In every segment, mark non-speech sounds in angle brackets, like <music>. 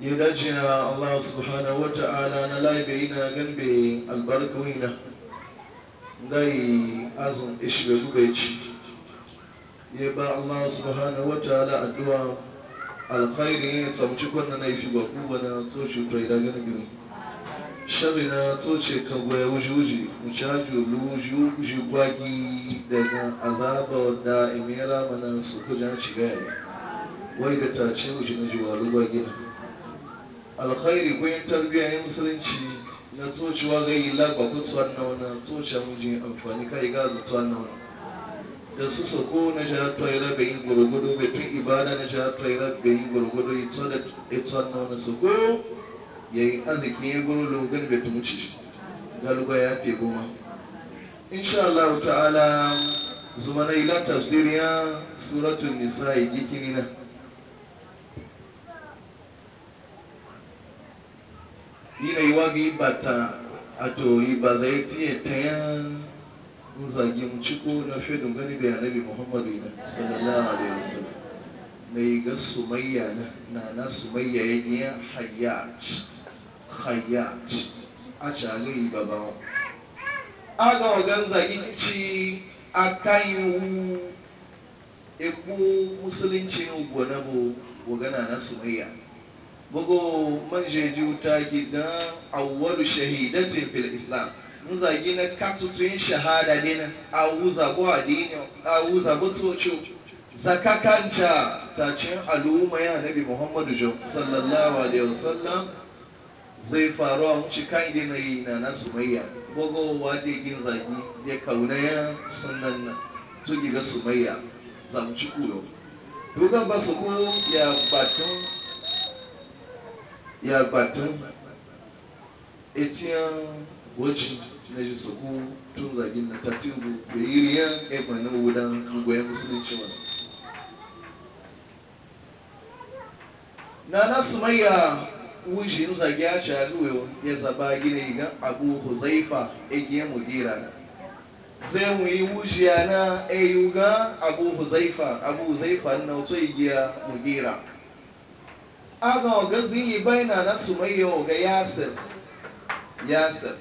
ya dace na Allah subhanahu wata'ala na laibe ina gambe albarku ina gai azun ishe gubeci ya ba Allah subhanahu wata'ala addu'a alkhairi ya tsamci kwanne na ifi ba kuma na tsoci kwa gani gambe shari na tsoce ka gwaya wujuji wucaju lujuji gwagi daga azaba da emira mana su kujan shigaya wai da tace wujuji waluwa gina alkhairi ko yin tarbiyya ya musulunci na tsocewa ga yi lagba ko tsuwan na wani tsocen mujin amfani ka yi gaza tsuwan na wani da su soko na jihar tsohira bai yi gurgudu bai tun ibada na jihar tsohira bai yi gurgudu ya tsuwan na wani soko ya yi arziki ya guru lungun bai tun muci galuba ya fi goma insha Allah ta'ala zuma na ila tafsiriya suratul nisa'i gikini na ila iwaga ibata ato ibaza yati etaya nzagi ciko na fedu ngani bi anabi muhammadu ina sallallahu alaihi wasallam na ga sumayya na na sumayya yaniya hayyat hayyat a caga ibaba aga wagan zagi kici a kayin ekwu musulunci ugbo na bu wagana na sumayya bugu man jeju ta gida awwalu shahidatin fil islam mun zagi na katutun shahada ne na awuza bu adini awuza bu tsocho zakakanta ta cin al'umma ya nabi muhammadu sallallahu alaihi wasallam zai faru a wuce kan na yi na na sumayya bugowa da gin zagi kauna ya sunan na tuki ga sumayya zamuci kuyo dogon ba su ko ya batun ya batun etiyan wajen na ji su tun zagin na tatibu da iriyan ekwanin wudan goyon musulunci wani na nasu maya wujin zage ya shaluwa ya zaba gina igan abu huzaifa egiyan mugira na zai muyi wujiya na eyuga abu huzaifa abu huzaifa na wasu igiya mugira aga oga ziyi bai na sumayya ga yasir yasir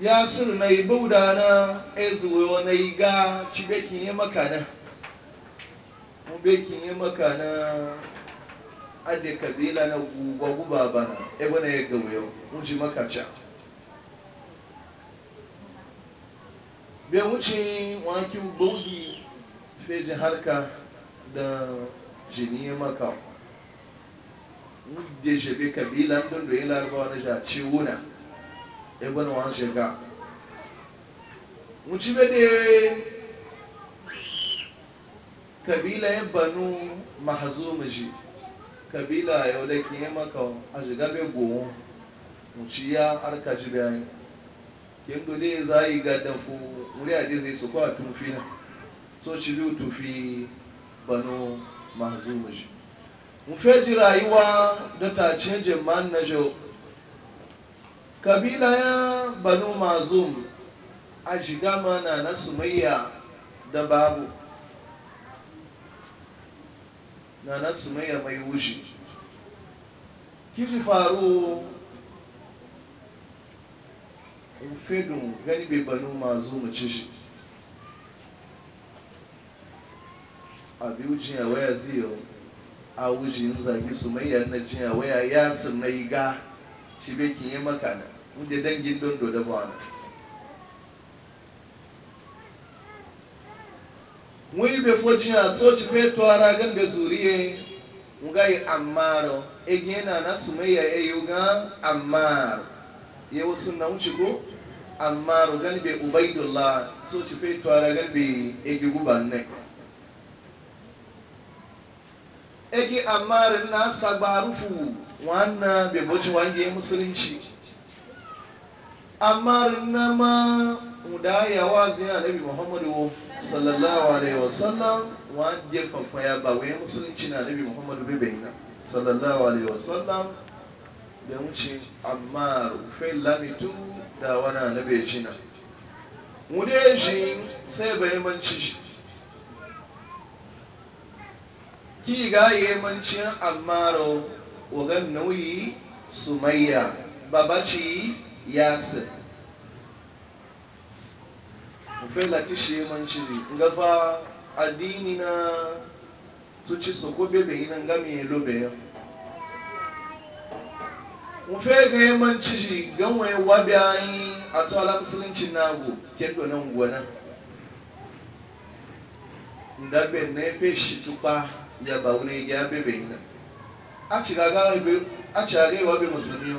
yasir na yi bauda na ezuwa na yi ga cigakin yi makana mubekin yi makana ade kabila na guba guba bana ebe na ya gawayo wuce makacha bai wuce wakin bogi fejin harka da jini maka da shebe kabilan don da ya larabawa na ja ce wuna ibn wan shega muci be da kabila banu mahazo ji kabila ya wadda ke yi maka a shiga bai gowon muci ya harka ji bayan kin dole za yi ga danfo wuri a zai su kwa tufi na so shi biyu tufi banu mahzumi shi mu feji rayuwa da tace jimman na jo kabila ya banu mazum a shiga mana na sumayya da babu na na sumayya mai wuce kiji faru fedun gani bai banu mazum ci shi a biyu jiya waya ziyo a wujin zagi su mai yana jiya waya ya sun na yi ga shi bai kinye maka na wunde dangin don dole ba na wani bai fo jiya so ci fai tuwara ganga zuriye nga yi ammaro egi na na su mai ya yi ga ammaro ya wasu na wuce ko ammaro gani bai ubaidullah so ci fai tuwara gani bai egi guban nai egi amarin na sabarufu wannan bai wange musulunci amarin na ma mudayawa zai nabi muhammadu sallallahu alaihi wasallam wange fafaya ba wai musulunci na nabi muhammadu bai bayyana sallallahu alaihi wasallam da wuce amma rufin lamitu da wana nabi ya cina mu dai shi sai bai manci shi ki ga yemancin ammaro wagan nauyi sumayya babaci yasir bai lati shi yemanci fa addini na tuci su ko bebe yi nan gami ya lobe ya mufe ga yemanci shi ganwaye wabi ayi a tsohon musuluncin nago kendo nan gwanan ndabe na ya fe tupa ya ba wani ya bebe ina a ci gaga yi wa be musulmi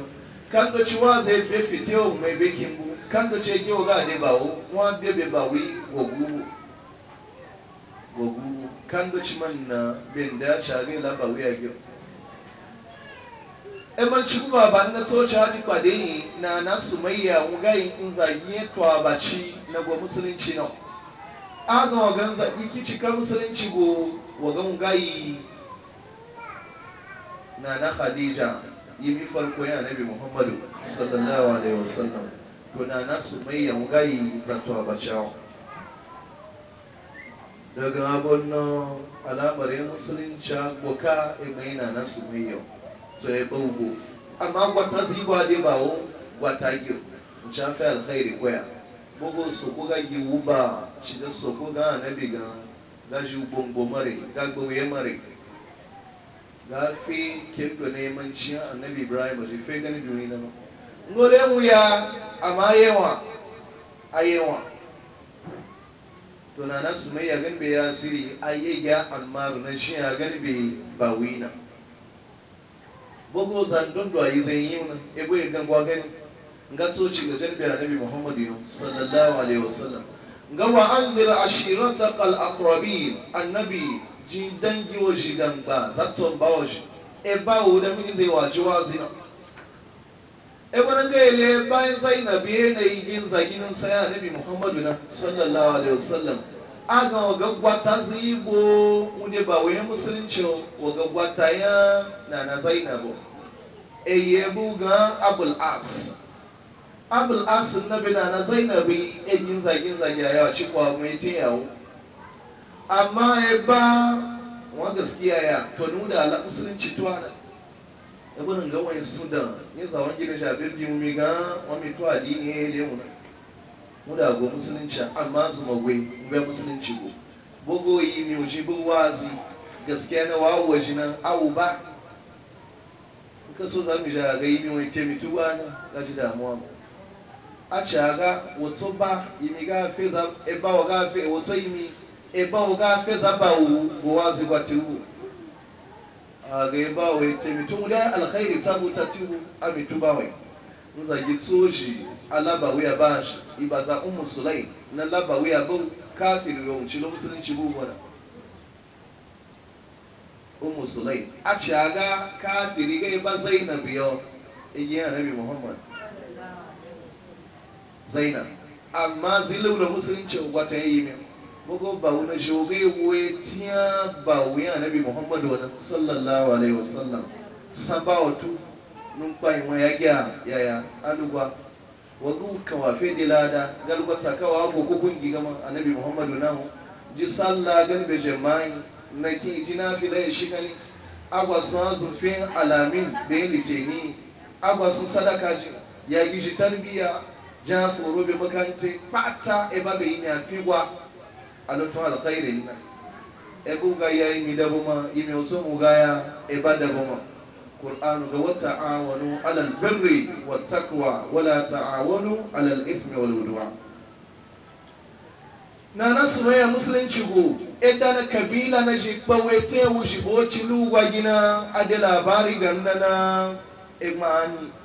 kan da ci wa zai fe fite wa mai bekin bu kan da ce kewa ga ne bawo wa bebe ba wi gogu gogu kan da ci na be da ci are la ba wi ya gyo e man ci kuma ba na so ci hadi kwade ni na na sumayya mu ga yin zagi to abaci na go musulunci na aga wagan zaɓi kici kan musulunci go wagan gayi na na khadija yi mi farko ya nabi muhammadu sallallahu alaihi wasallam to na na sumayya gayi zato bacewa daga abonno alamarin musulunci boka imaina na sumayya to ya bugu amma gwata ziba dai bawo gwata gyo mu shafi alkhairi koya bugun soko ga giwu ba shi da su na annabi ga gashi gbogbo mare gagbo ya mare gafi kendo neman ciya annabi ibrahim shi fe gani duni na ba ngole mu ya amma yawa a yawa to na nasu mai ya gan bai asiri ayyaya amma na shi ya gani bai ba wina bugun zandon da yi zai yi wuna ebo ya gan gwa gani nga soci ga garbi annabi muhammadu sallallahu alaihi wasallam ga wa anzir ashiratak al-aqrabin annabi ji dangi wa shi gamba za su e ba wa ba wo da mini zai waci wa zina e wani ga ile e bayan e sai na muhammadu na sallallahu alaihi a ga zai yi ba wai musulunci wa gaggwata ya na na zainabu e yebu ga abul as abul asul na bina na bi egin zagin zagi a yawa ci kwa mai tun yawo amma ya ba wa gaskiya ya to nuna ala musulunci tuwa na ibn su da yin zawon gida shabir ji mu ga wa mai tuwa ne ya lemu na mu da go musulunci amma su magwai ga musulunci go bugoyi ne uji buwazi gaskiya na wawo nan awu ba ka so za mu ja ga yi mai ba na ga ji damuwa ba aci wotso ba imi ga feza eba wo ga fe wotu imi eba wo ga feza ba wu wo wa zi gwa ti wu aga eba wo ite mi tun da alkhairi tabu ta ti wu ami tu ba wai nza gi tsoji alaba wuya ba shi iba sulai na laba wuya ba kafir yo mu ci lo musulunci bu gona ummu sulai aci aga kafiri ga eba zainab yo igiya nabi muhammad zaina amma zilu da musulunci wata yi ne. bugo ba wani shoge goye tiya ba wuya annabi muhammadu wa sallallahu alaihi wasallam saba wato nun kwayin ya yagiya yaya alugwa wazu kawafe da lada galba sakawa ko kukun gigama annabi muhammadu nahu ji sallah galbe jama'i na ki ji na fi laye shi gani agwa su azufin alamin da ya litini agwa su sadaka ji ya gishi tarbiya ja foro bai makarante pata e ba a yin afigwa alotun alkhairi na e ga yayi mi da buma imi mu mugaya e ba da buma qur'anu ga wata awanu alal birri wa taqwa wala ta'awanu alal ithmi wal udwan na nasu ya musulunci go idda e na kabila na yi wete bocin lugwa gina da labari ganna na imani e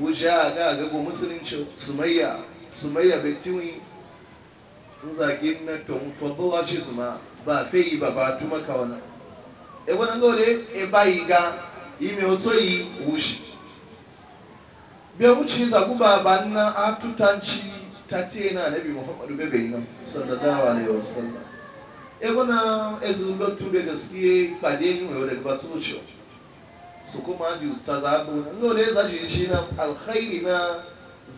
wuja ga gago musulunci sumayya sumayya betiwi zagin na tobuwa ce su ma ba feyi ba ba tuma ka wani e wani e bayi ga yi mai yi wushi bai wuce zagu ba ba na atutanci ta ce na nabi muhammadu bebe yi nan sallallahu alaihi wasallam e wani ezulottu da gaskiye kpade yi mai wadda ba su wuce su kuma juta zaɓi wani lole za shi shi na alkhairi na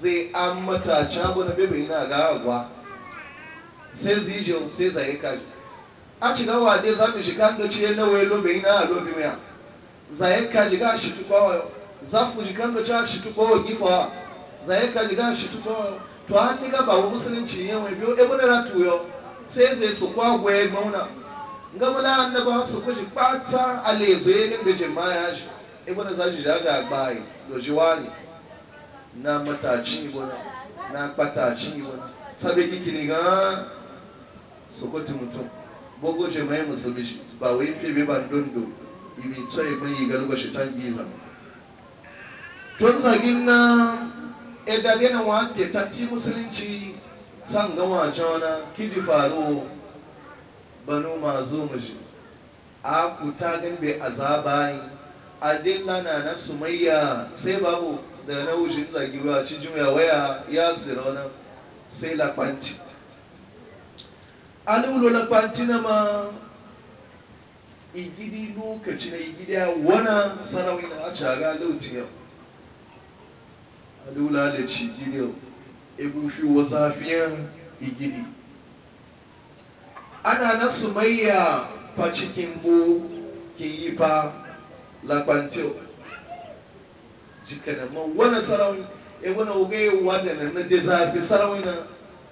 zai an mata cabo na bebe na ga agwa sai zijo sai zai kaji a ci gawa dai za mu shi kan da ciye na wai lobe ina a lobe mai zai kaji ga shi tuba za fu shi kan da ciye shi tuba wa gifa zai kaji ga shi tuba to an ni ga ba wa musulunci yin wai biyo ebe na tuyo sai zai su kwagwaye mauna gamula annabawa su kushi ɓata a lezoye ne da jimma ya shi ibn zaji da ga gbaye dojiwa ne na matacin ibona na patacin ibona sabe kikini ga sokoti mutum gogo ce mai musulmi shi ba wai febe ban dondo ibi tsaye mai yi galuba shi tan giza tun zagin na edade na wa ke tatti musulunci san gama jona kiji faro banu mazo mashi Aku ta gan bai azaba yi adilla na na sumayya sai babu da na wujin zagi ba ci jimya waya ya tsira wani sai lakwanci alimulu lakwanci na ma igidi lokaci na igidi ya wana sarawin a caga yau alula da ci gidiyo ebufi wasafiyan igidi ana na sumayya fa cikin bu kin yi fa labantio jikana ma wani sarauni e wani oge nan na je zafi sarauni na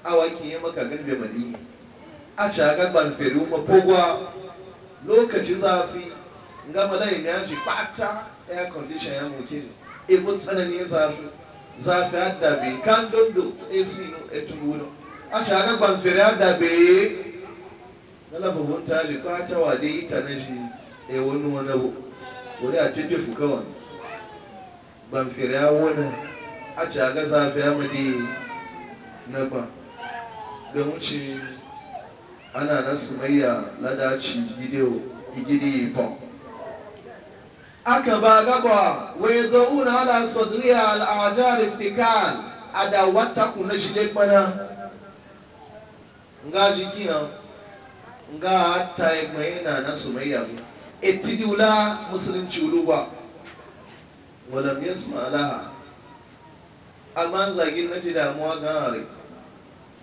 awaki ya maka ganbe mani a shaga banfere ma pogwa lokaci zafi nga malayin ya ji fata air condition ya muke ne ibu tsanani ya zafi zafi hadda bai kan dondo ac no etubuno a shaga banfere hadda bai na labarun tali ba wa dai ita na shi e wani wani wani a jujjufu kawai ban fira wani a ci a ga zafi ya na ba da wuce ana na sumayya ladaci gidiyo igidi ba aka ba gaba wai zauna ala sadriya al'ajar iftikan a da wata kuna shi lekpana nga jikina, nga ta yi na na sumayya mu etidi wula musulunci wulu ba wadam su suma alaha amma zagin na ji damuwa ganare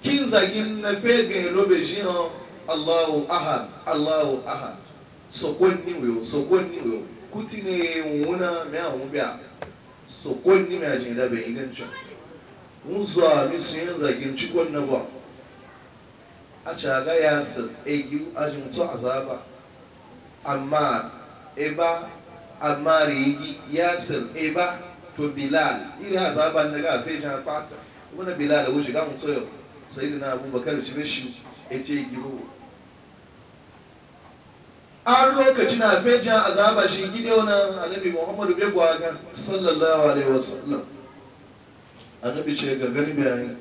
kin zagin na fegin lobe shi na allahu ahad allahu ahad ni wuyo ni wuyo kuti ne wuna mai ahun biya sokonni mai ajin da bai can. mun zuwa su yin zagin cikon na ba a caga ya sa egiyu ajin to azaba amma eba amma rigi yasir eba to bilal iri ha azaban daga a fejin fata wani bilal da wuce gamun tsoyo sai da na abubakar shi mishi ya ce giro an lokaci na fejin azaba shi gide wani annabi muhammadu bai ga sallallahu alaihi wasallam annabi ce ga gani bayani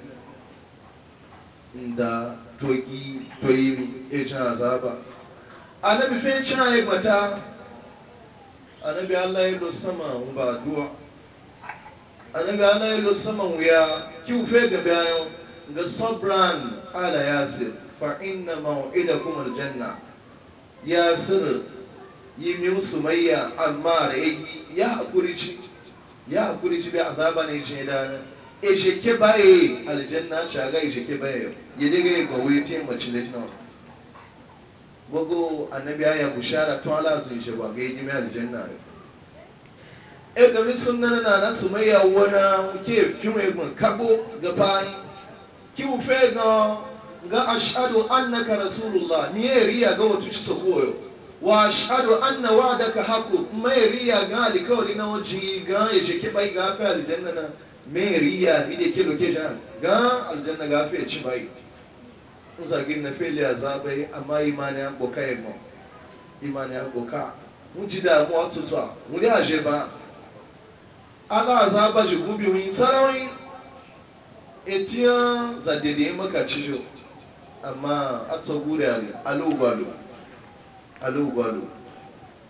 da toki toyi ne ya a zaba anabi fe cinaye gbata anabi allah ya lo sama ba duwa anabi allah ya lo sama wuya kiwu fe gabe ayon ga sobran ala yasir fa inna ma'ida kuma aljanna yasir yi min sumayya amma da ya hakuri ci ya hakuri ci bai azaba ne ce da e sheke baye aljanna shaga e sheke baye ya daga ya gawe ce mace ne na gogo annabi ya bushara to ala sun shi ba ga yi mai aljanna e ga mi sunna na na sumayya wana muke fi mai gun kago ga bayi ki mu fe ga ga ashhadu annaka rasulullah ni e riya ga wato ci sokoyo wa ashhadu anna wa'daka haqqu mai riya ga alkawari na waji ga ya ce ki bai ga fa aljanna na mai riya mi da ke loke jan ga aljanna ga ya ci bai zagin na fili a zaɓai amma imani an ɓoka yi ma imani an ɓoka ji a je ba ala zaɓa ji gubi wani sarawai etiyan zadede maka cijo amma a tsogure e a alugwalo alugwalo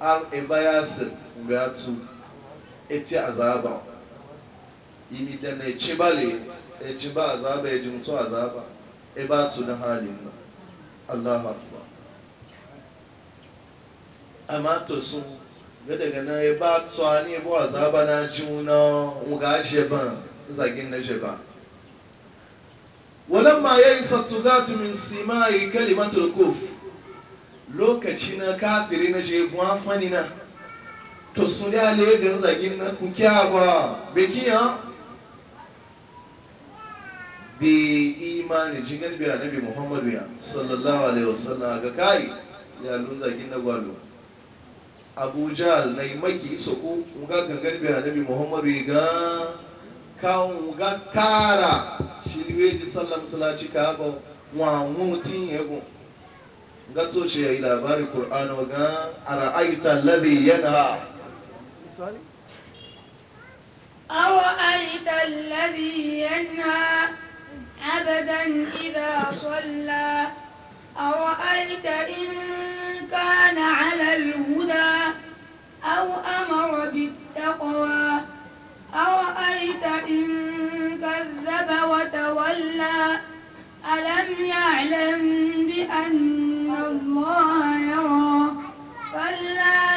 an ebayasir eti a zaɓa imi da na ci bale ya ci ba a e ba su da halin nan Allah akbar amma to sun ga daga na ya eh, ba tsuwa ne ba wa zaba na juna ga sheban zagin na sheban walamma ya yi sattugatu min simayi kalimatul kuf lokaci na kafiri na shebu an fani na to sun ya le zagin na kukiya ba bikiya bi imani jingan bi annabi muhammadu ya sallallahu alaihi wasallam ga kai ya lunza na gwalo abu jahal na maki so ko ga gangan bi annabi muhammadu ga kawun ga tara shirwe ji sallam salaci ka ba wa mutin yago ga to ya yi labarin wa ga ara'aita alladhi yanha أرأيت الذي ينهى عبدا إذا صلى أرأيت إن كان على الهدى أو أمر بالتقوى أرأيت إن كذب وتولى ألم يعلم بأن الله يرى فلا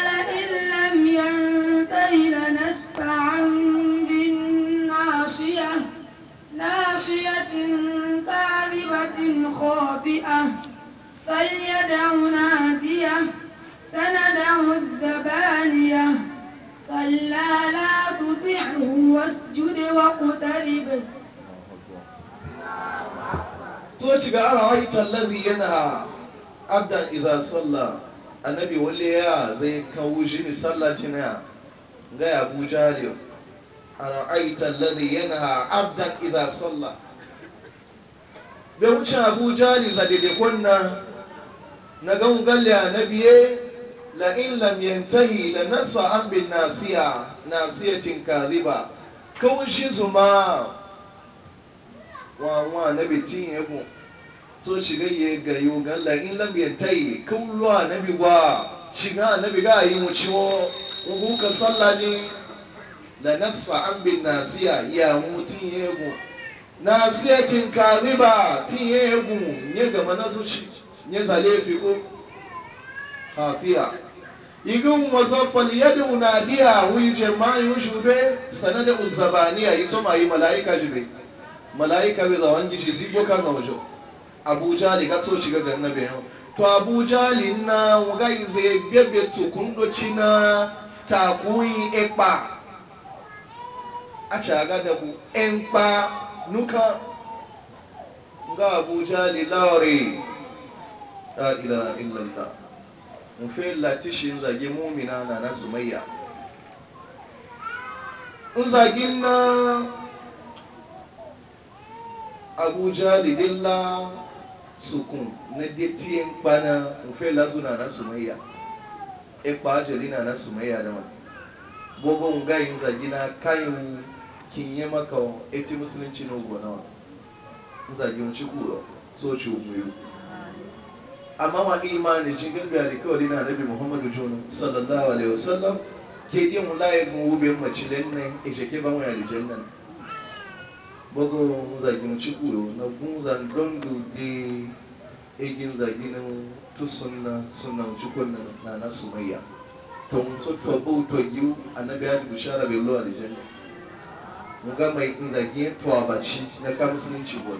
abda iza sallah, annabi wale ya zai kawo shi ne sallacin ya ga ya abuja ne a ra'aitar lade yana abda idan salla bai wuce abuja ne za daidai gwanna na gangalle annabiye la'in lamyantahi da nasu an bin nasiya nasiyacin kaziba kawo shi zuma wa wa annabi cin yabo so shiga ya gayu galla in lam yantai kullu nabi wa shiga nabi, ga yi mu ciwo ku ka sallani da nasfa an bin nasiya ya mutin yego tin kariba tin yego ne ga manasu shi ne fi ko hafiya igun wasaffal yadu nadiya wi jama'i shube sanada uzabaniya ito mai malaika jibe malaika be zawan gishi zibo kan wajo abuja ne gato shiga gannabe yau to abuja linna wuga ize gbebe tsokun doci na takuyi ipa a aga da bu pa nuka ga abuja laure ta ila illanta mufe latishin zage mumina na na sumayya zagin na abuja dilla. sukun na detiye kpana nfe lazu na sumayya e kpa jeli na sumayya da ma bogo nga yin zagi na kayan kinye maka eti musulunci na ugbo na zagi mu so ci umuyu amma ma imani jin ganga da kawai na nabi muhammadu jonu sallallahu alaihi wasallam ke din wulayen mu ube macilen nan e ke ban wa alijannan mu ci cikuro na gunzan don dubi egin zaginin tu suna suna cikon na na sumayya to mutuwa bauta yi a na biya da bishara bai lo a da jami'a mun ga mai in zagin tuwa baci na kamsunin cikon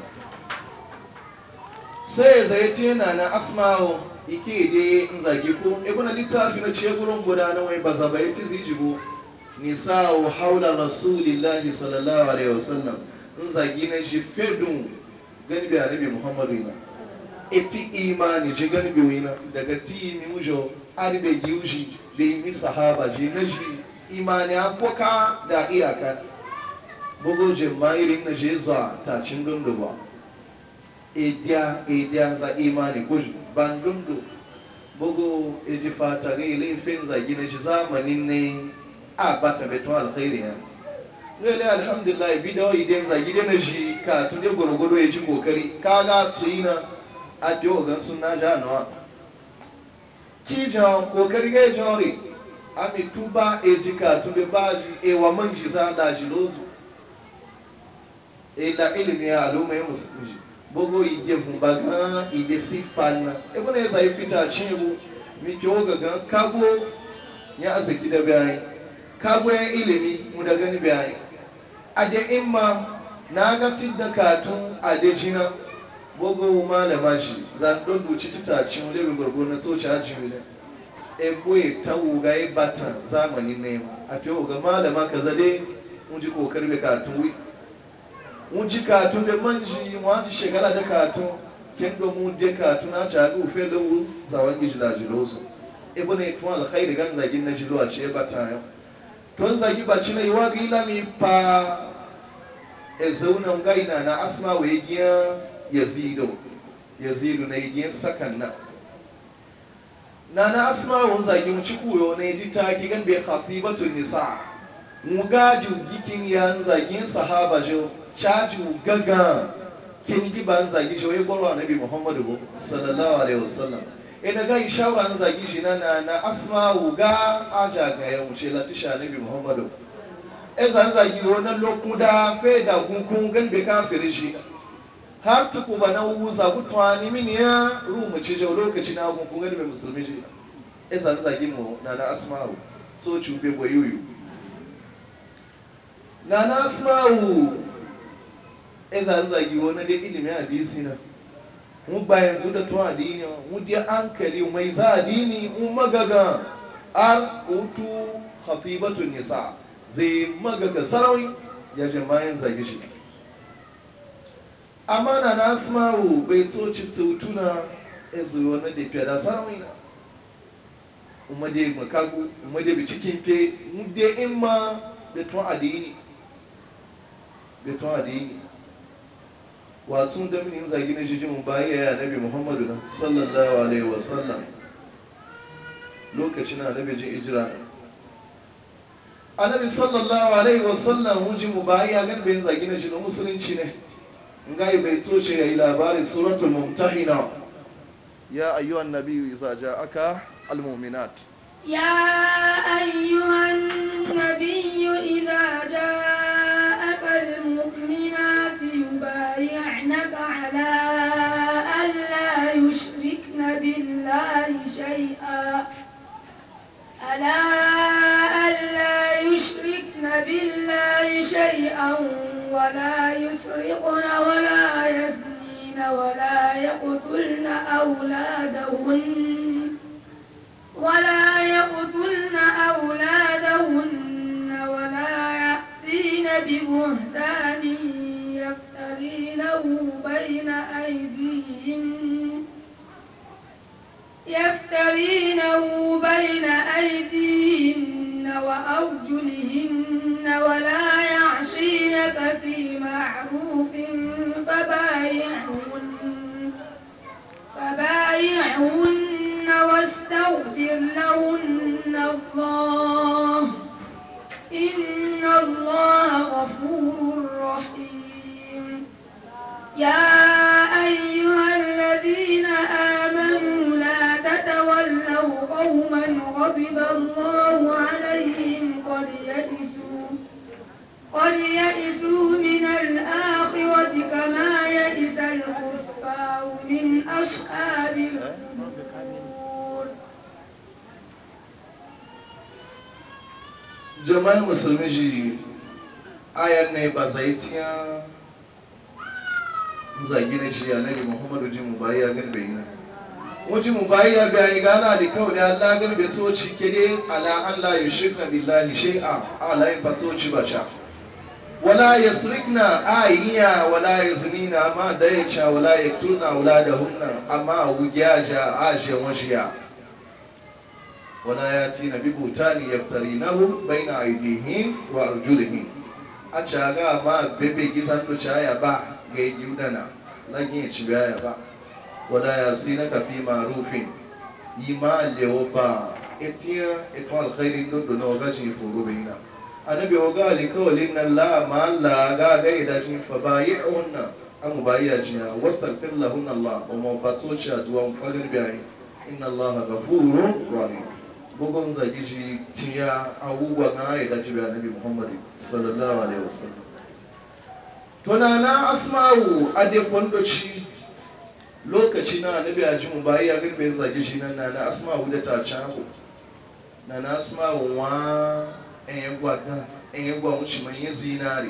sai zai ce na na asma'u ike dai in zagi ko kuna littafi na ce gurin gudanar wai ba zaba ya ci zijibo nisa'u haula rasulillahi sallallahu alaihi wasallam in zagi na shi fedun gani bi anabi muhammadu na efi imani shi gani bi wina daga ti mi ujo aribe giyu shi, da mi sahaba shi na shi imani akwaka da iyaka bugu jimairin na shi zuwa ta tacin dunduba idiya idiya za imani shi ban dundu bugu iji fata ne ilin fin zagi na shi zamanin ne a bata beton alkhairiyar lele alhamdulillah bidawa idan za da na shi ka tunde gwargwado ya ji kokari kaga su yi na a jogan suna ja nawa ki ja kokari ga jawon a mi tuba e ji ka tunde da ba ji e wa man ji za da ji lozu e da ilimi ya aluma e ya musulmi bogo ide fun ba gan ide si falna e kuna ya yi fita cin bu mi ki oga gan kago ya asaki da bayan kago ya ilimi mu da gani bayan ade imma na da fidda katun ade jina gogo malama shi zan don duci tutacin wani gurgur na tsoci hajji ne e boye ta wuga ya e bata zamani ne a fi wuga malama ka zade mun ji kokar da katun wi mun ji katun da manji mun ji shekara da katun kin do mun je katun a ta gu da lawu zawan gijila jiloso e bane tun alkhairi gan zagin na jilo a ce bata yau tun zagi ba ci na yi wa gila mi pa e zauna ngaina na asma wa yagiya yazidu yazidu na yagiya sakan na na na asma wa zagi mu ciku yo na ji ta ki gan be khatibatu nisa mu gaju gikin ya zagi sahaba jo chaju gaga kin gi ban zagi jo ya gwarwa nabi muhammadu sallallahu alaihi wasallam ina e ga ishara an zagi shi na na asma wa ga aja ga ya mu ce latisha nabi muhammadu ezan zagi wannan da fe da kunkun galbe ka firishi har tuku ba na ku tuani min ya rumu ci jau lokaci na kunkun be musulmi ji ezan zagi mu na na asma'u so be boyuyu na na asma'u ezan zagi wannan da ilimi hadisi na mu ba yanzu da tuwa addini mu dai ankali mai za dini mu magaga ar utu khatibatu nisa' zai ga sarauni ya mayan zage shi amma na na asmaru bai tsoci tautuna ya zuwa na da fiye da sarauni na umade makagu umade bi cikin fe mude in ma beton adini beton adini watsun da mini zage na mu bayan ya nabi muhammadu na sallallahu alaihi wasallam lokacin na nabi jin ijira annabi sallallahu alaihi wasallam wuji mu bayi ya gan bayan zagi na shi na musulunci ne ngai bai toce yayi labarin suratul mumtahina ya ayyuhan nabiyyu idza ja'aka almu'minat ya ayyuhan nabiyyu idza ja'aka almu'minat yubayyi'naka ala an la yushrikna billahi shay'a ala شيئا ولا يسرقن ولا يزنين ولا يقتلن أولادهن ولا يقتلن أولادهن ولا يأتين ببهتان يفترينه بين أيديهن يفترينه بين أيديهن وأرجلهن ولا يعصينك في معروف فبايعهن, فبايعهن واستغفر لهن الله إن الله غفور رحيم يا أيها الذين آمنوا قوما غضب الله عليهم قد يئسوا قد يئسوا من الآخرة كما يئس الكفار من أصحاب جمال جماعة مسلمي جي آية نيبا زيتيا زاجين جي على محمد جي مبايا غير بينا wajen mu bayi ya bayani gana da kyau da Allah garbe ke dai ala Allah shirka billahi shay'a ala in ba tsoci ba sha. wala yasrikna ayya wala yaznina ma da ya cha wala yaktuna wala da hunna amma wugiya ja shi washiya wala ya yatina bi butani yaftarinahu baina aydihim wa arjulihi a cha ga ma bebe gidan to cha ya ba ga yudana lagin ci ba ya ba wala yasinaka fi ma'rufin ima ba etiya eto alkhairin dodo na oga shi foro bayina ga oga alikawalin nan la ma la ga ga ida shi fa bayi'unna an bayiya jiya wastaghfir lahun allah wa ma fatoci aduwa fagar bayani inna allah ghafurur rahim bugun zagi shi tiya abubuwa na ida shi bayani annabi muhammad sallallahu alaihi wasallam tunana asma'u ade kondoci lokaci na annabi a jimu ba ya gani bai zage shi nan na asma wu da ta cago na na asma wa en gwa da en gwa mu manyan zinare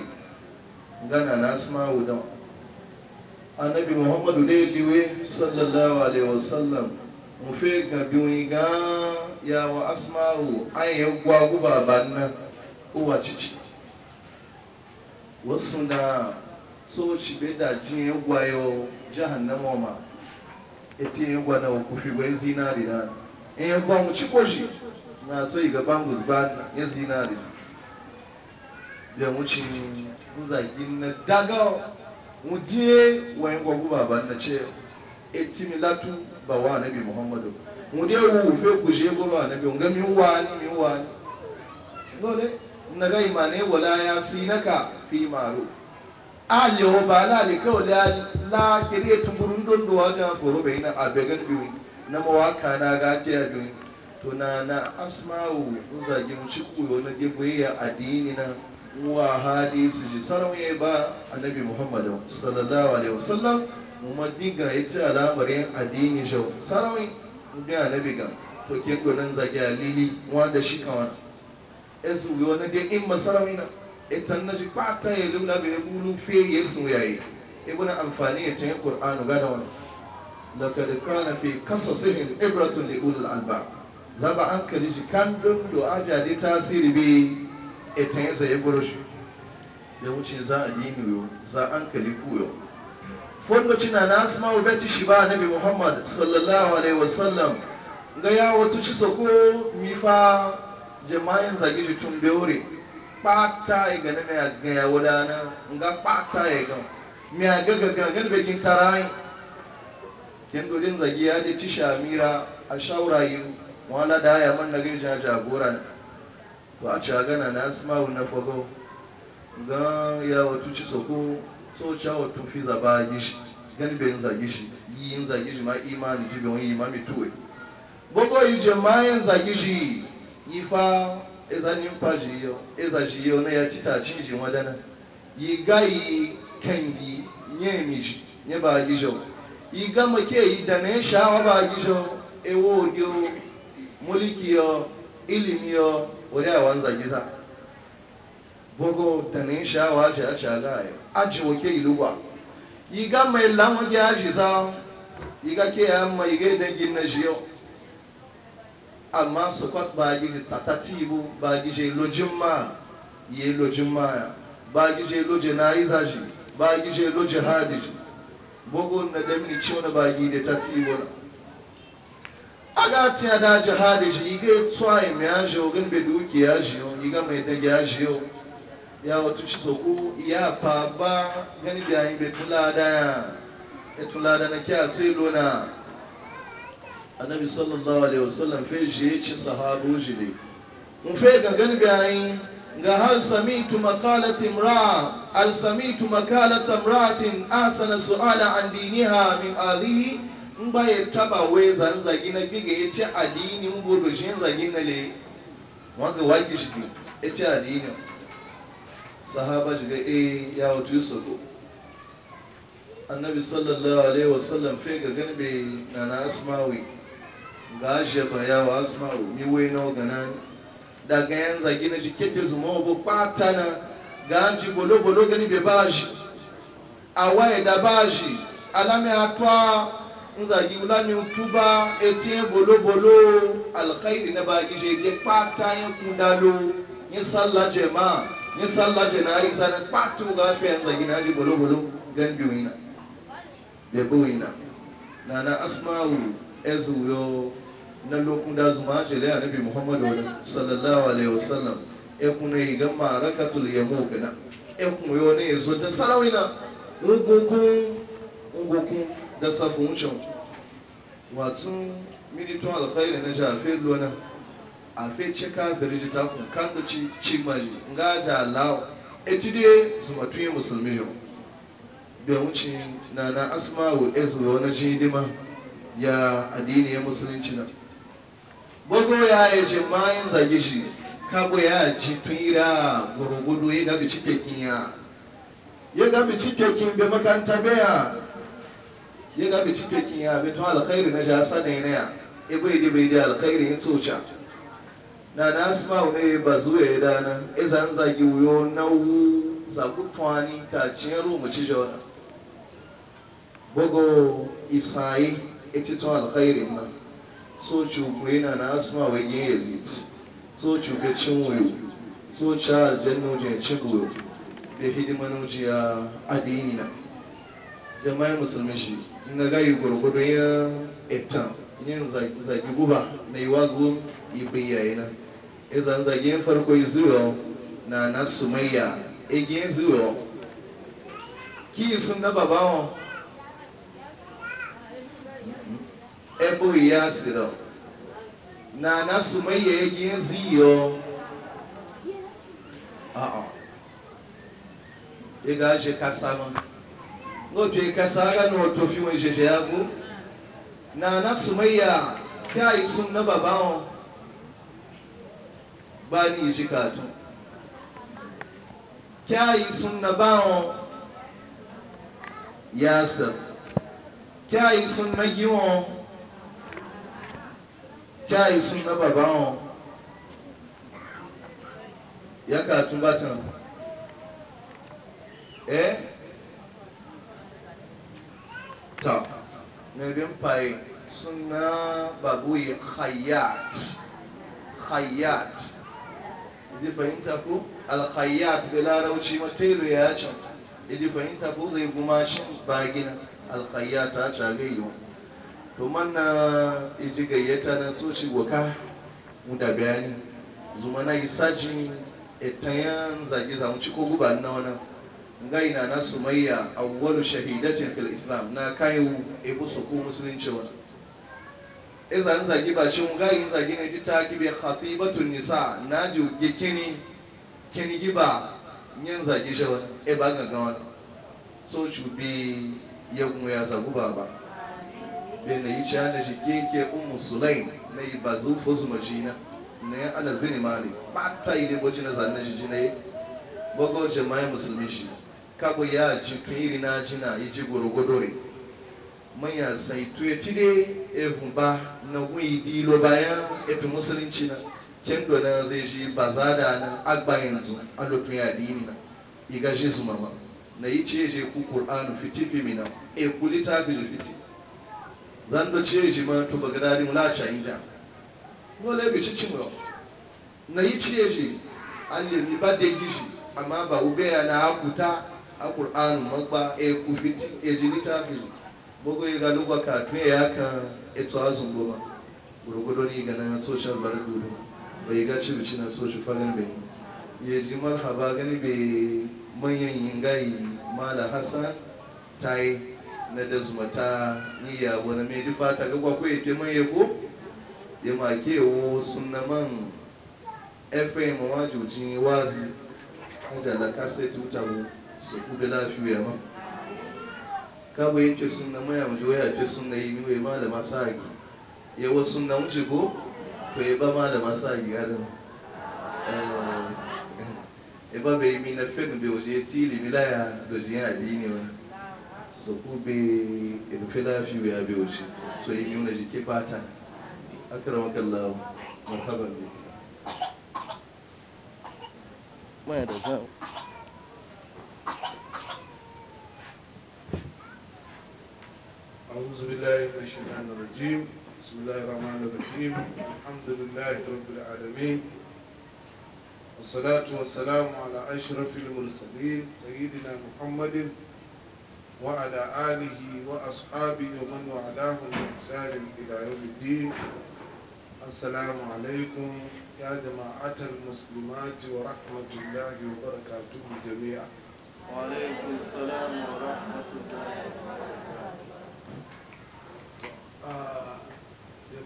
gana na asma wu da annabi muhammadu ne liwe sallallahu alaihi wasallam mu fe ga biyu ga ya asma wu an yan gwa guba ba nan kowa cici wasu na so shi bai da jin yan gwayo jahannama ma ete yin gwana wa kufi bai zinari mu na so ya zinari na daga mudiye wa eti milatu ba wa bolo nga mi wa ni mi wa imane wala ya sinaka fi ma'ruf ayo ba le kawai la kire don do aga goro bai na abegan biyu na aka na gafi a biyu to na na asma'u zagin ciku yau na gibe ya addini na wa hadisi ji sarauye ba annabi muhammadu sallallahu alaihi wasallam mu madiga ya ci alamar yin addini shau sarauyi ga annabi ga to ke gudun zagi lili, wanda shi kawana ezu yo na dai in masarauyi na itan na ji fata ya luna bai bulu fe ya sun yi ibn amfani ya tayin qur'anu wani da wani laqad kana fi qasasihim ibratun da ulul alba zaba an ka ji kan dun do ajali tasiri bi ita ya zai burushi da wuce za a yi yau, za an ji kuyo fondo cina na asma ubeti shi ba nabi muhammad sallallahu alaihi wasallam ga ya wata shi sako mifa jama'in zagi tun wuri. kpata ya gani na a ga ya na nga kpata ya ga mi ya ga ga ga be kin tarai do dodin zagi ya de tisha mira a shaurayi wala da ya man na ga jagora ne to a ci gana na asma'u na fago Nga ya wato ci soko so cha wato fi zaba gishi gani be zagi shi yin zagi shi ma imani ji be wani imami tuwe bogo yi jama'in zagi shi yi fa eza nimfa jiyo eza jiyo na ya tita ciji wadana yi gayi kangi nye miji nye ba gijo yi ga gama ke yi da ne shawa ba gijo ewo yo mulki yo ilimi yo wani a wanza giza bogo da ne shawa ce a shaga ya aji ke yi lugwa yi ga yi lamu ya ji za yi ga ke ya ma yi ga idan gina jiyo amma su kwat bagiji tatatibu bagije lojimma ye lojimma ya bagije loje na yi zaji bagije loje hadiji bugun na damini ciwo na bagi da tatibu na aga tiya da jihadi shi iga tsuwaye mai yaji ogin bai duki ya shi yau iga mai dage ya shi yau ya wata e ya fa ba gani da yi bai tula ya tula da na kya sai lona annabi sallallahu alaihi wasallam fe shi ya ci sahabu shi ne mun fe ga gangayin ga hal samitu maqalat imra al samitu maqalat imratin asana su'ala an diniha min alihi in ba ya taba wai zan na biga ya ce adinin burbushin zagin na le wanda waki shi ne ya ci addinin. sahaba shi ga e ya wato yi sako annabi sallallahu alaihi wasallam fe ga ganbe na na asmawi ga ba ya wa asma mi weno ganan daga yan zagi na shi kebe zuma bo patana ga ji bolo bolo gani bai be a waye da baji alame atwa nzagi ulami utuba etie bolo bolo alkhairi na bagi je je pata yan kudalo ni sallah jema ni sallah jenari sanin patu ga pe zagi na ji bolo bolo gan biwina be buwina na asma'u ezuyo na da zuma da annabi muhammadu sallallahu alaihi wasallam ekun yi ga rakatul yamuk na ekun yo ne zo ta salawina rugukun rugukun da safun shon wato militon alkhairi na jafe lona a fe cika da rijita kun kan da ci ci ga da lawo dai zuma tuye musulmi yau da wuce na na asma'u ezu wani jidima ya addini ya musulunci na gogo ya yi jima'in zage shi kago ya ci tuyira gurugudu ya gabi cikekin ya ya gabi cikekin bai makanta baya ya gabi cikekin ya bai tun alkhairi na jasa da na ya ibu e da bai da alkhairi ya tsoca na na asma ne ba zuwa ya dana izan e zage wuyo na wu zagu tuwani ta ciyar mu ci jona gogo isa'i ita tun alkhairin nan so cuku yana na asma wai yin yanzu. so cuka cin wuyo so ca aljannu je cin wuyo da hidiman wuciya addini na jama'in musulmi shi na gayi gwargwado ya etan yin zagi guba yi wago ibin yayi nan izan zagin farko zuwa na nasu maiya egin zuwa ki sun na babawan ebo ya siro na na sumayya ya gi ziyo a a ya gaje kasama ngoje kasaga no to fi won jeje yago na na sumayya ta yi sun na babawo ba ni ji katu ta yi sun na bawo yasir ta yi sun na giwon já ìsúná bàbá wọn yàgà àtúbàtàn ẹ tọ nàbí ń pa yìí súná bàbú yìí khayyat khayyat ìdí fahimta ko alkhayyat bai larauci matailu ya can ìdí fahimta ko zai gumashin bagina alkhayyat ta cabe yiwu to na iji gayyata na tsoci waka muda bayani zuma na isaji etayan zage zamu ci ko guba na wani ngai na na sumayya wani shahidatin fil islam na kayu ibu su ko musulunci wani iza an zage ba shi ngai zage ne ji ta gibe khatibatun nisa na ji gikini kini giba yin zage shi wani e ba ga gawa so shubi ya kuma ya zagu ba ba bene yi cewa da shi keke umu sulai na yi ba zufo ma shi na yi ana zini mali ba ta yi lebo jina za na jina na yi bago jama'i musulmi shi kago ya ji kiri na jina yi ji gwargwado ne manya sai tuye tide dai ehun ba na wuyi dilo bayan efi musulunci na kendo na zai ji ba za da nan agba yanzu an lotun ya dini na iga shi su mama na yi ce je ku kur'anu fiti mina e kulita fi fiti zan da ce yi ma to baga dadi mu lacha inja no le bi cici mu na yi shi, an yi mi ba de gishi amma ba ube ya na akuta a qur'an magba e ku fiti e ji ni ta bi bugu ga lugwa ka tuye ya ka e azun goma gurgudo ni ga na social barkudu bai ga ci bici na social fagan bai ya ji marhaba gani bai manyan da mala hasan yi. na da zumata ni ya wani mai dufa ta ga kwakwa yake ke ya ko ya make wo suna man fm wajujin wazi da la cassette ta mu su lafi lafiya ma ka ba yake maya mai amjo waya ce suna yi ni mai malama sagi ya wa sunna mu ko ko ya ba malama sagi ga dan eh, eh, eh. ya ba bai mi na fen bai waje tili milaya dojin addini wani so ku be in fila fi ya biyo shi so yi nuna jike fata akramakallahu marhaban bi mai da zau أعوذ بالله من الشيطان الرجيم بسم الله الرحمن الرحيم الحمد لله رب العالمين والصلاة والسلام على أشرف المرسلين سيدنا محمد وعلى آله وأصحابه ومن وعداهم بإحسان إلى يوم الدين السلام عليكم يا جماعة المسلمات ورحمة الله وبركاته جميعا وعليكم السلام ورحمة الله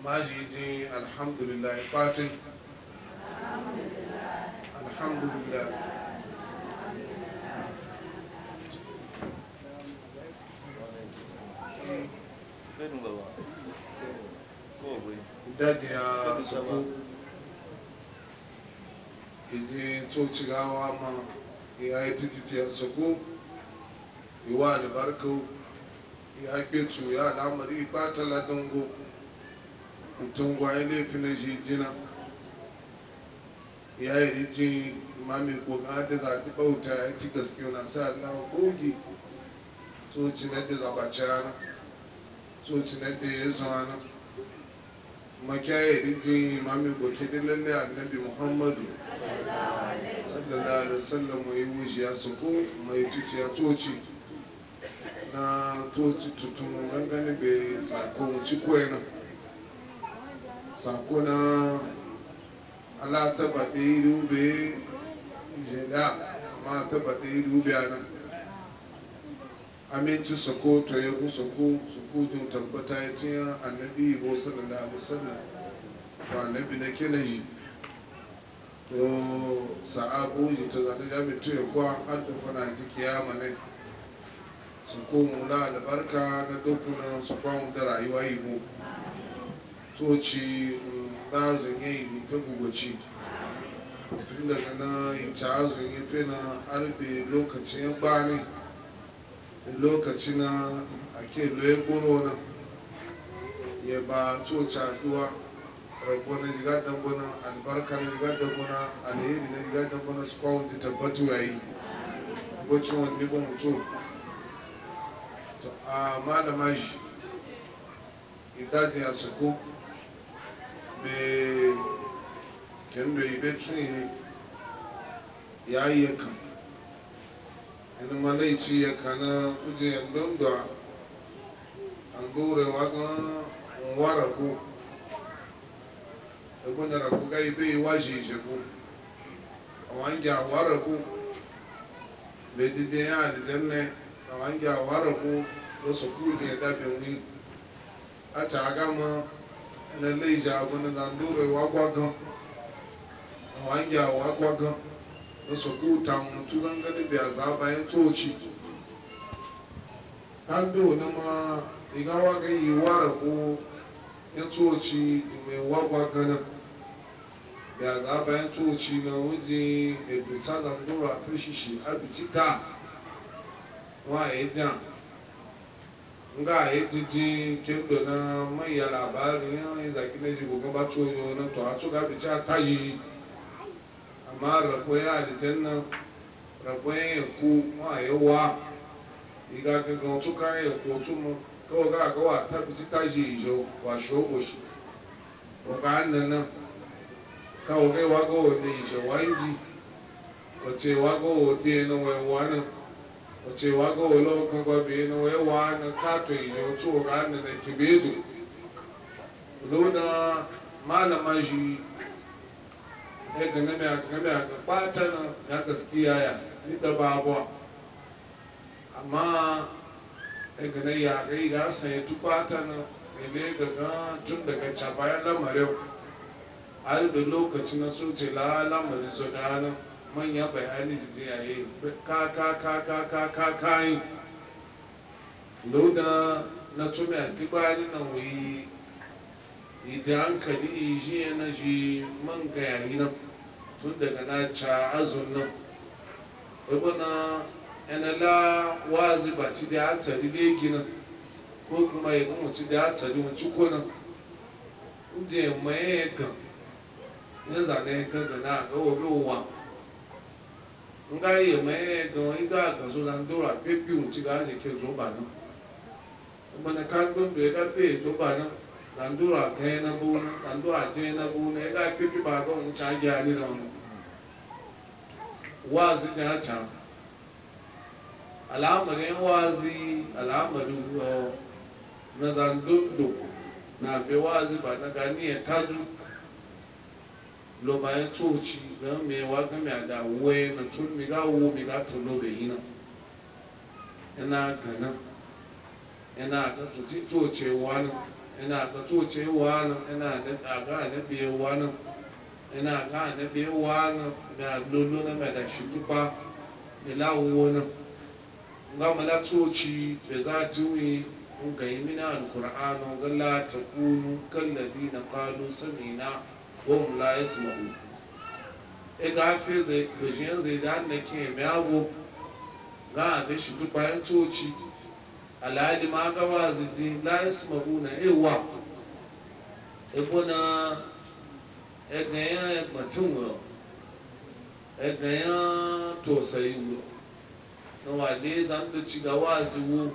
majiji alhamdulillah fatin alhamdulillah Verin baba. Go away. Dadi ya soko. Idi to cigawa ma ya yi titi ya soko. Iwa albarkau ya ke ya al'amari ba talatin go. Mutum gwaye laifin na shi jina. Ya yi rijin mami ko ga da za ta bauta ya ci gaske na sa Allah gogi. So ci na da zabaciya na. tsoci na ɗaya zana makiyaye rijin imami goke din lalle annabi muhammadu sallallahu alaihi wasallam mai wuce ya sako mai tuci ya tsoci na tsoci tutun gangane bai sako ci kwena sako na ala taba ɗaya rube jeda ma taba ɗaya rube a nan aminci sako to ya ku sako kujin tabbata ya ce annabi bo sallallahu alaihi wasallam to annabi na kila yi. to sa'abu ji ta zane ga mutu ya kuwa hadda fana ji kiyama ne su komo na albarka na dokuna su kwamu da rayuwa yi mu so ci yi yi ta guguci tun daga na ita azun yi fina arbe lokacin ya bani lokaci na ake loye goro nan ya ba coca duwa rago na jiga dambona albarka na jiga dambona alheri na jiga dambona su kwawon ta tabbatu ya yi gwacin wani ba mutu a malama shi idade ya suku mai kendo ibe tun ya yi yakan yana malaici yakana ujiyan don da angore waga nwara ku ebo na ku ga ebe iwa jeje ko awon ja wara ko be dide ya dide ne awon ja wara ko do so ku ni da be wi acha aga ma na le ja abo na da ndore waga gan awon ja waga gan do so ku ta mu tu ganga ni be azaba en tochi Kando na ma iga waga yi wara ko ya tsoci mai wagwa gana da ga bayan tsohoci na waje mai buta zangura fi shi shi abiti ta wa ya jan nga yi jiji kendo na manya labari ya yi zaki na jigo ba tsoyo na to a tso ga abiti a ta yi amma rako ya alitan nan rako ya yanku wa ya wa iga gangan tsoka ya yanku tsomo to ga ga wa ta bisi ji jo wa sho shi ọ ga nan nan ka o ga wa ga o ne jo wa yi o te wa ga o de no we wa na o te wa ga o lo kan na be no we wa na ka to yi jo to ga nan nan ki be do lo na ma ji e ga na me a ga me a ga pa ta na ya gaskiya ya ni da abụọ. amma daga na yagai ga sai tukwata na ele daga tun daga cabayan lamarin har da lokacin na so ce la lamarin da hannun manya bayani da je yayi ka ka ka ka ka ka ka yi loda na tumi a tibari na wuyi idan hankali shi yana shi man gayari nan tun daga na ca azun nan ibana yana la wazi ba ci da hatsari da gina ko kuma ya kuma ci da hatsari mu ci kona inda ya maye ya zane ya kan gana ga wani uwa in nga ya maye ya so zan pepi mu ba na kan don da ya ga pe zo ba nan e na bu na e pepi ba ga mu ta wazi da al'amarin wazi al'amarin na zandondo na fi wazi ba na gani ya tazu lo ya tsoci don mai waka mai da waye na tun mi ga wo mi ga tun lo bai yana yana gana yana ta tsoci tsoce wani yana ta tsoce wani yana da ga na biye wani yana ga na biye wani da lullu na mai da shi tufa da lawo wani nga mala tsoci da za juye in ga yi mina alkur'ano ga la ta kunu kallabi na sami samina wa la ya mahu e ga fi da jiyan zai da an da ke miyago ga a ga shi duk bayan tsoci alhali ma ga ba zai la ya mahu e e na ewa e bona e ga yan e mutum e ga yi tosayi na wale zan da ci ga waziwo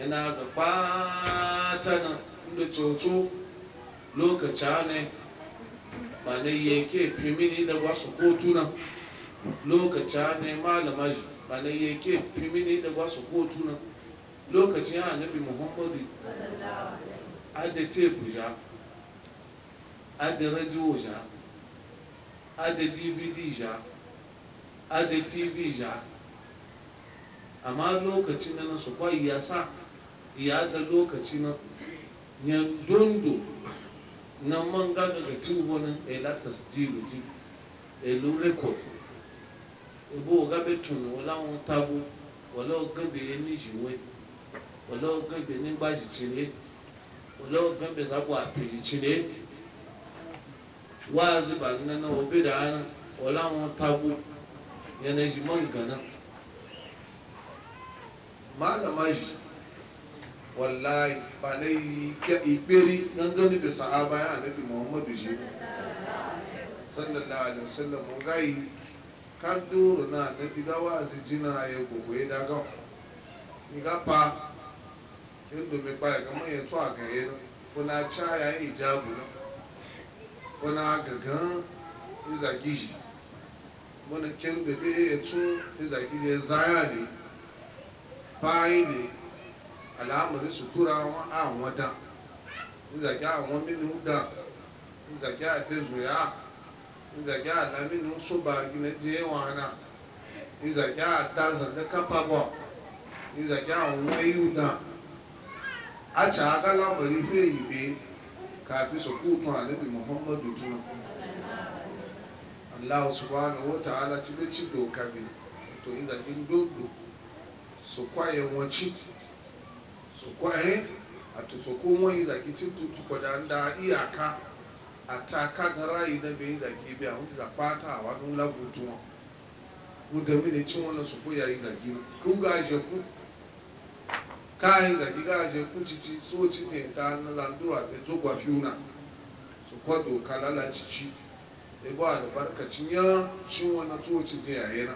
yana ga fata na inda coco lokaci ne ba ne yake primini da wasu nan lokaci ne malama shi ba ne yake primini da wasu kotuna lokacin ya annabi muhammadu adda teku ja adda radio ja adda dvd ja adda tv ja amma lokaci na nasu kwai ya sa ya ga lokaci na yan dondo na man gaga ga tubo a latas la a ji e lu record e o ga betun wala won tabu wala gabe ni jiwe wala gabe ni baji tire wala gabe za ku apiri tire wazi ba nana, na obi da ana wala won tabu yana ji man gana. malamai wallahi ba na yi ka iberi don da sahaba ya annabi muhammadu shi sallallahu alaihi wasallam mun gayi kan duro na annabi da wa'azi jina ya gogo ya daga ga fa yin domin baya ga manyan tuwa ga yi nan ya caya ijabu na kuna gagan izagiji wani kyan da yi ya tun izagiji ya zaya ne fáìlì àlàámọ̀rí sùtúra wọn àwọn dá nzàkíá àwọn mímu dá nzàkíá àtẹ̀zùyà nzàkíá àlámínú sóbà gínẹ́tì ẹ̀wọ̀n àná nzàkíá àtàzàn ní kápábọ̀ nzàkíá àwọn ẹ̀yù dá àtsà àgàlámọ̀rí fún èyí bẹ́ẹ̀ kàfi sọ̀kúùtù àlẹ́bí muhammadu tún aláwọ̀ subhanahu wa ta'ala ti bẹ́ẹ̀ ti dò kábìlì tó nzàkí ń dòdò. Sokwaye ye sokwaye sokwa he ato soko won yi zaki tin tutu kwada da iyaka ataka garayi na be zaki be awon za pata wa dun labutu won mu da mi ne cin wannan soko ya yi zaki ku ga je ku kai zaki ga je ku titi so titi ta na landura be to gwa fiuna sokwa do kalala cici ebo albarkacin ya cin wannan to titi yayena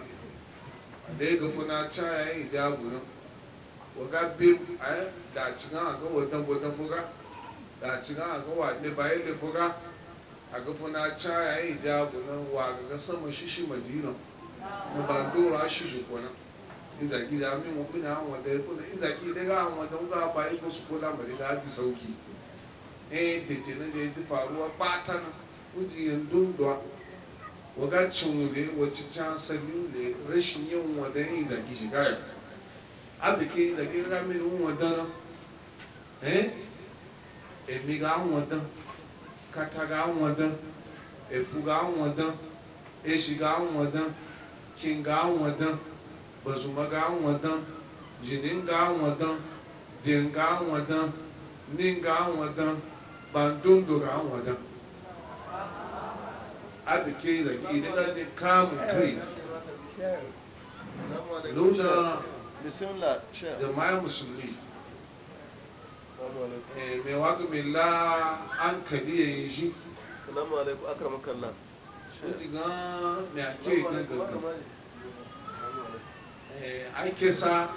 àdé na náà tí a yẹn ìdí àbúrò wọ́n ká yi ẹ́ a náà àgọ́ wọ́n dán bó dán bóká a yẹn ìdí àbúrò wà gàgà sọ́mọ ṣíṣí ga wọ́n bá dóòrò aṣíṣe pọ̀ náà ìzàgídá mi wọ́n pín náà wọ́n dẹ́ kó náà ìzàgídá àwọn ọ̀dọ́ wọn bá yẹ kó sùkó lámọ̀dé láti sọ́ọ̀kì ẹ̀ tètè ti waga cinwule wacce can sabi da rashin yin wadan yin zaki shiga ya abike da girga mini wadan eh emi ga wadan kata ga wadan efu ga wadan eshi ga wadan kin ga wadan bazuma ga wadan jinin ga wadan den ga wadan nin ga wadan bandondo ga wadan abike zaki da ɗan kamun kai nuna jama'ai musulmi eh, mai waka mai la an kadi ya yi shi salamu alaikum akramu kalla sun mai ake yi nan an kesa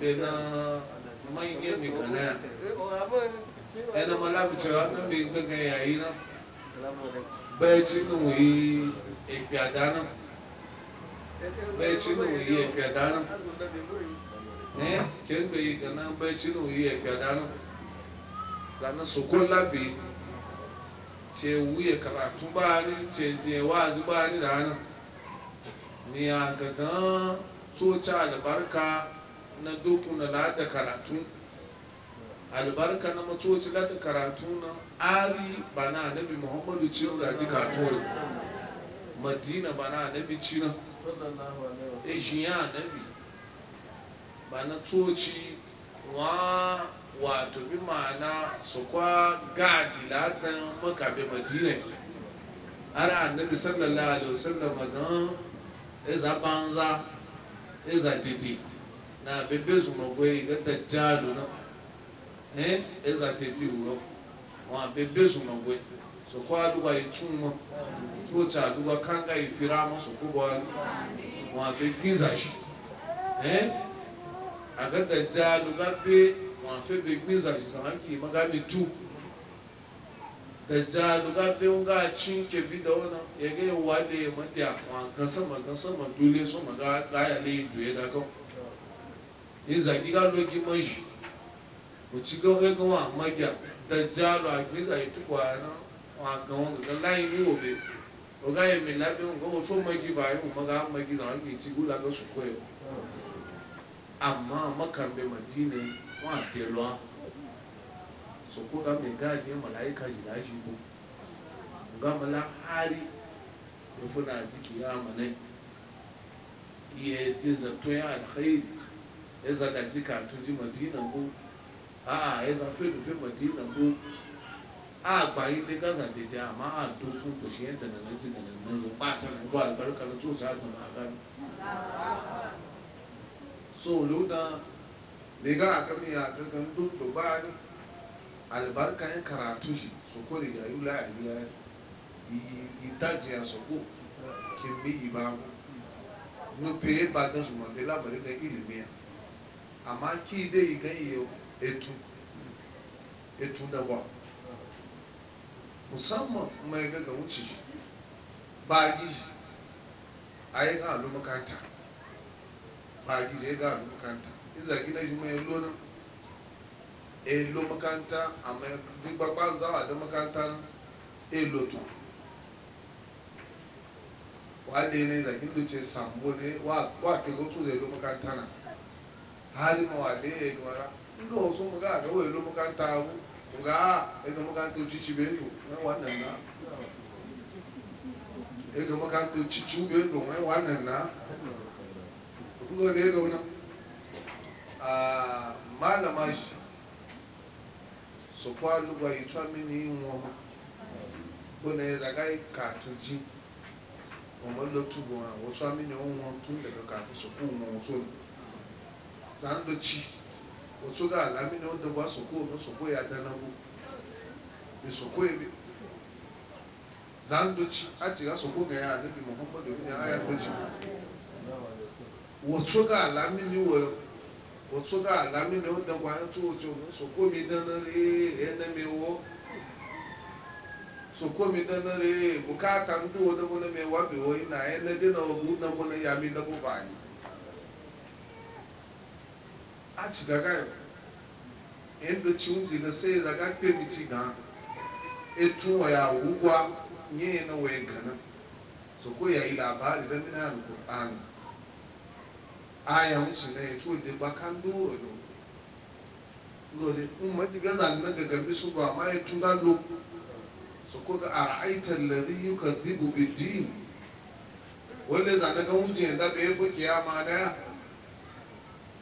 da na manyan mai gana yana eh, oh, eh, malabi cewa mai gaggan yayi nan bẹ́ẹ̀ tí nù yí èpì àdánù bẹ́ẹ̀ tí nù yí èpì àdánù ní kéńgbé yìí gànà bẹ́ẹ̀ tí nù yí èpì àdánù lànà sòkòrò lábì ṣe wúyè kàràtú bá ní ṣe jẹ wáàzú bá ní dànù ní àgàgán tó ta àlùbáríkà na dókun na láàdà kàràtú àlùbáríkà na mọ́tò ti láàdà kàràtú náà. ari bana na annabi muhammadu ci yau da ji katoyi madina bana na annabi ci nan ejiya annabi ba na toci wa wato bi ma'ana su kwa gadi latin makabe madina ara annabi sallallahu alaihi wasallam gan iza banza iza didi na bebe su magwai ga dajjalu na eh iza didi wuwa wọn abebe zumagwe sokɔ aduwa etum mu tuwotsi aduwa kanga efiri amu soko bɔ wọn abegbi zashi ɛn eh? agadadza aluga pe wọn afɛ begbi zashi sama ki maga mi tu dadza aluga pe wonga atsi kebi dawo na yege wa de ma di wọn agasama agasama dole so maga gaya le edu yɛ dakɔ ezagi ka lo egi ma yi otsi gawo ege wọn amagia. dajjalu akida itukwa na wa ga wọn ga lai o be o ga yi yemi labe ga go so magi ba yi mo ga magi da wangi ti gula ga su koyo amma makan be madina a te lọ so ko ga me ga je malaika ji da shi ko ga mala hari da funa jiki ya manai iya yi zato ya alkhairi ya zaga jika tuji madina ko Aa, ah, a ya zafe rufe madina ko a bayi ne gaza da ja amma a ko ku shi yadda na naji da na nazo ba ta nan ba albarkar so sa ta ma gani so luda ne ga akan ya ga kan duk dubai albarka ya karatu shi so ko riga yula ya yula yi yi taji ya so ko kin bi ibamu no pe ba ta su ma be la bare ga ilmiya amma ki dai kan yau etu etu da ba musamman mai gaga wuce ba gizi a yi ga makanta ba gizi ya ga alu makanta iza gina shi mai lona elo makanta a mai duk babba zawa da makanta elo to wadda yanayi zagin da ce sambo ne wa ke zo su zai lo makanta na hali mawa ne ya yi wara inga wasu muka ga wai lo muka ta wu muka ega muka to cici be lu wannan na ega muka to cici be lu wannan na ko ne ga wannan ah, a malama shi so kwa lugwa itwa mini wọn ko ne daga ka to ji wọn lo tubu wọn so mini wọn tun daga ka so ku wọn so zan do ci òtúgà àlámínà ó dọ̀gbà sòkó ọmọ sòkó ya dánáwó mi sòkó èmi zandoci a ti ga sòkó gà yà níbi muhammad omi àyà ala òtúgà àlámínà wọ̀ òtúgà ala ó dọ̀gbà tó òtú ọmọ sòkó mi dáná rí ẹnẹ mi wọ́ sòkó mi dáná rí bùkátà na dúró e dọ́gbọ́n mi na bìwọ́ na nà ẹnẹ dínà na ya yà mí dọ́gbọ́n a ci gaga yau yadda ciwon na sai zaga e tu eto ya wugwa nye na wayan kanan so ko ya yi labari don mina alkur'ani aya musu na ya ciwo da bakan doro yau lori umarci gaza na gagabi su ba ma ya tuna lo so ko ga a ra'aitar lari yi ka zibu bidin wanda zanaga wujin bai yi ko kiyama na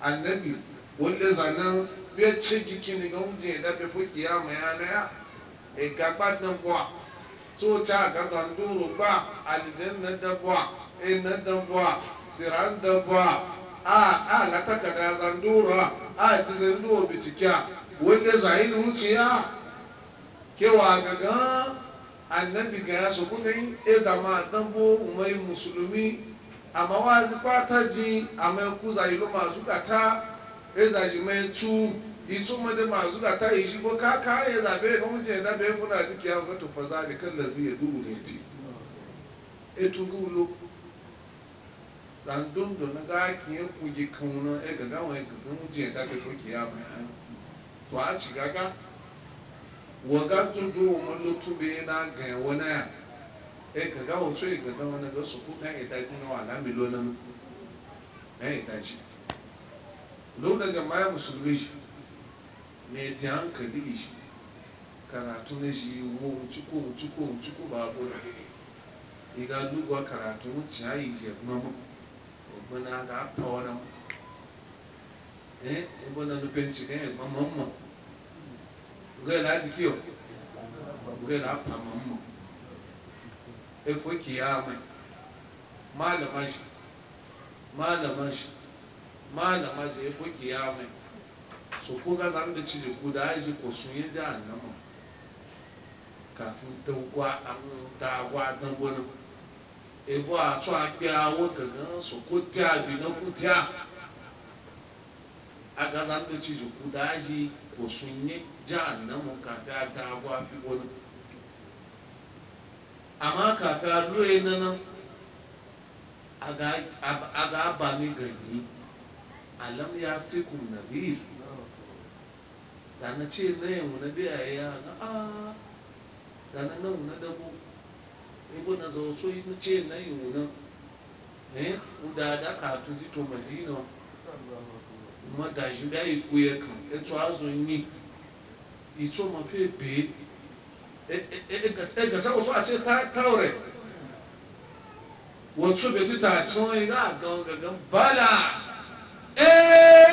annabi wanda zannan bai ce gikin ga wunje da bai fuki ya ya naya e gaba dan bwa to ta ga ganduru ba aljanna da bwa e na da bwa siran da bwa a a la taka da gandura a ti ganduru bitikiya wanda zahin wuciya kewa ga ga annabi ga su so kuma yi e zama dan bo mai musulmi amma wa ta ji amma kuza ilo masu zukata. eza shi ma tu itun mada ga ta yi shi bụ ka ka ya zabe ga mutum ya zabe kuna ya ga tufa zabe kan da zai duhu ne ti e tu dan na ga ki ya kuji kauna e ga ga wani ga mutum ya zabe to ki ya mai to a ci wa ga tun do mun lutu be na ga ya e ga ga wato e ga ga wani ga su ku kan na wala milona na lokacin ma ya musulmi shi mai ta hankali shi karatu na shi yi wo ciko ciko ciko ba a ne ga dugwa karatu wuce ya yi shi mama na ga aka wani mu eh na nufin ci kan ẹgbọn mọmọ ọgbọna láti kí ọ ọgbọna apa mọmọ efo ya mai malaman shi malaman shi malama je ko kiyama so ko ga zan da cije ku da ji ko sun yi jahannama kafin dangwa an dagwa ta gona ebo a tso a kpe awo gangan so ko tia bi na ku tia a ga zan da cije ku da ji ko sun yi jahannama kafin a dagwa fi gona amma kafin a loye na nan a ga ba ni gari alam ya fi kun nadir da na ce na yamma na biya ya na a ah. da na nan na dabo ibo na zo so yi ce na yi wuna eh da da ka tu ji to madina ma da shi da yi ku ya kan e to azo ni i to ma fe be e e e, e, e ga ta o a ce ta taure wasu bai ti ta so yi ga ga ga bala eh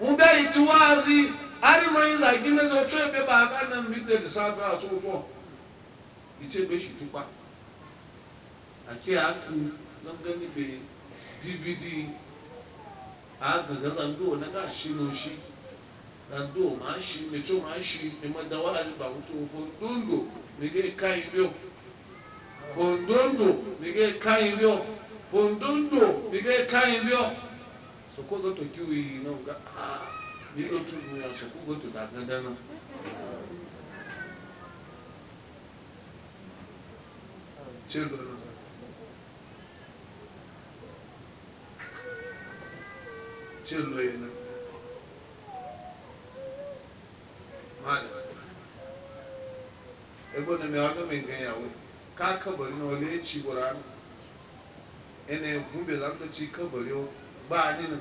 muda itiwa wazi ari mai zagi na zo tsoye be ba ga nan bi da sabu a tsofo ice be shi tupa a ke a ku be dvd a ga ga zando na ga shi no shi zando ma shi me to ma shi me ma ba ku tsofo dungo me ge kai biyo bondondo me ge kai biyo bondondo me ge kai biyo so ko go to queue yi ga ya so ko go da da na ce me me ya ci gura ene gumbe za ka ci ka bari ba ni nan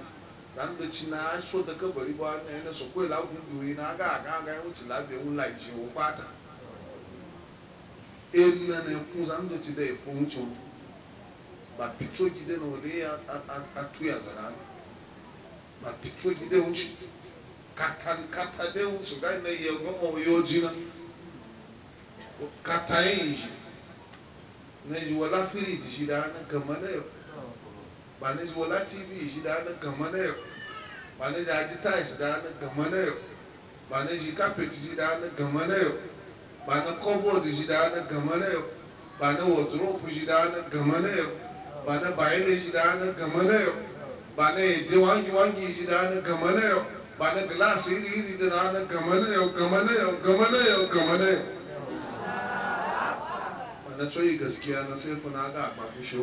dan da ci na so da kabari ba na yana so kawai lagun doyi na ga ga ga ya wuce labe un lai je o fata en na ne ku zan da ci da ko wuce ba picture gide no le ya a tuya zara ba picture gide wuce katan kata de wuce ga ne ya gomo yo jina kata yin shi ne ji wala firi ji da na kamar da bani wola tv shi da na gama na yau bani jaji tai shi da na gama na yau bani shi carpet shi da na gama na yau bani cupboard shi da na gama na yau bani wardrobe shi da na gama na yau bani bayani shi da na gama na yau bani yaje wangi wangi shi da na gama na yau bani glass iri iri da na gama na yau gama na yau gama na yau gama na yau na tsoyi gaskiya na sai kuna ga ba fi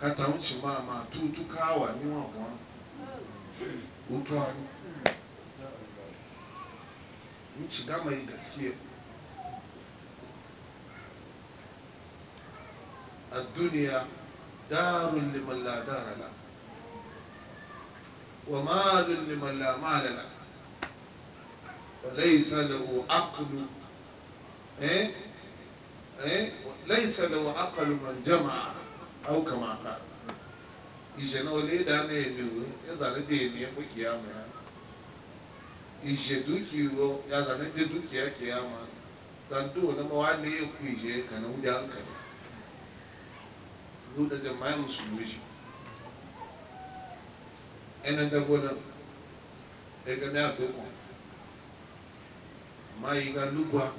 kata ń ṣe máa máa tú tú káwà níwọ̀n wọn ó tọ́ ọ ní ń ṣe gaskiya الدنيا دار لمن لا دار له ومال لمن لا مال له وليس له عقل إيه؟ إيه؟ ليس له عقل من جمع au kama ka ije na ole da na emewe ya zane da eme ya kwaki ya mu ya ije duki iwo ya zane da duki ya ke ya ma dan to na ne ya ku ije ka na wuda hankali ruda jama'a musulmi ena dabona ega na agbekwa ma yi ga lugwa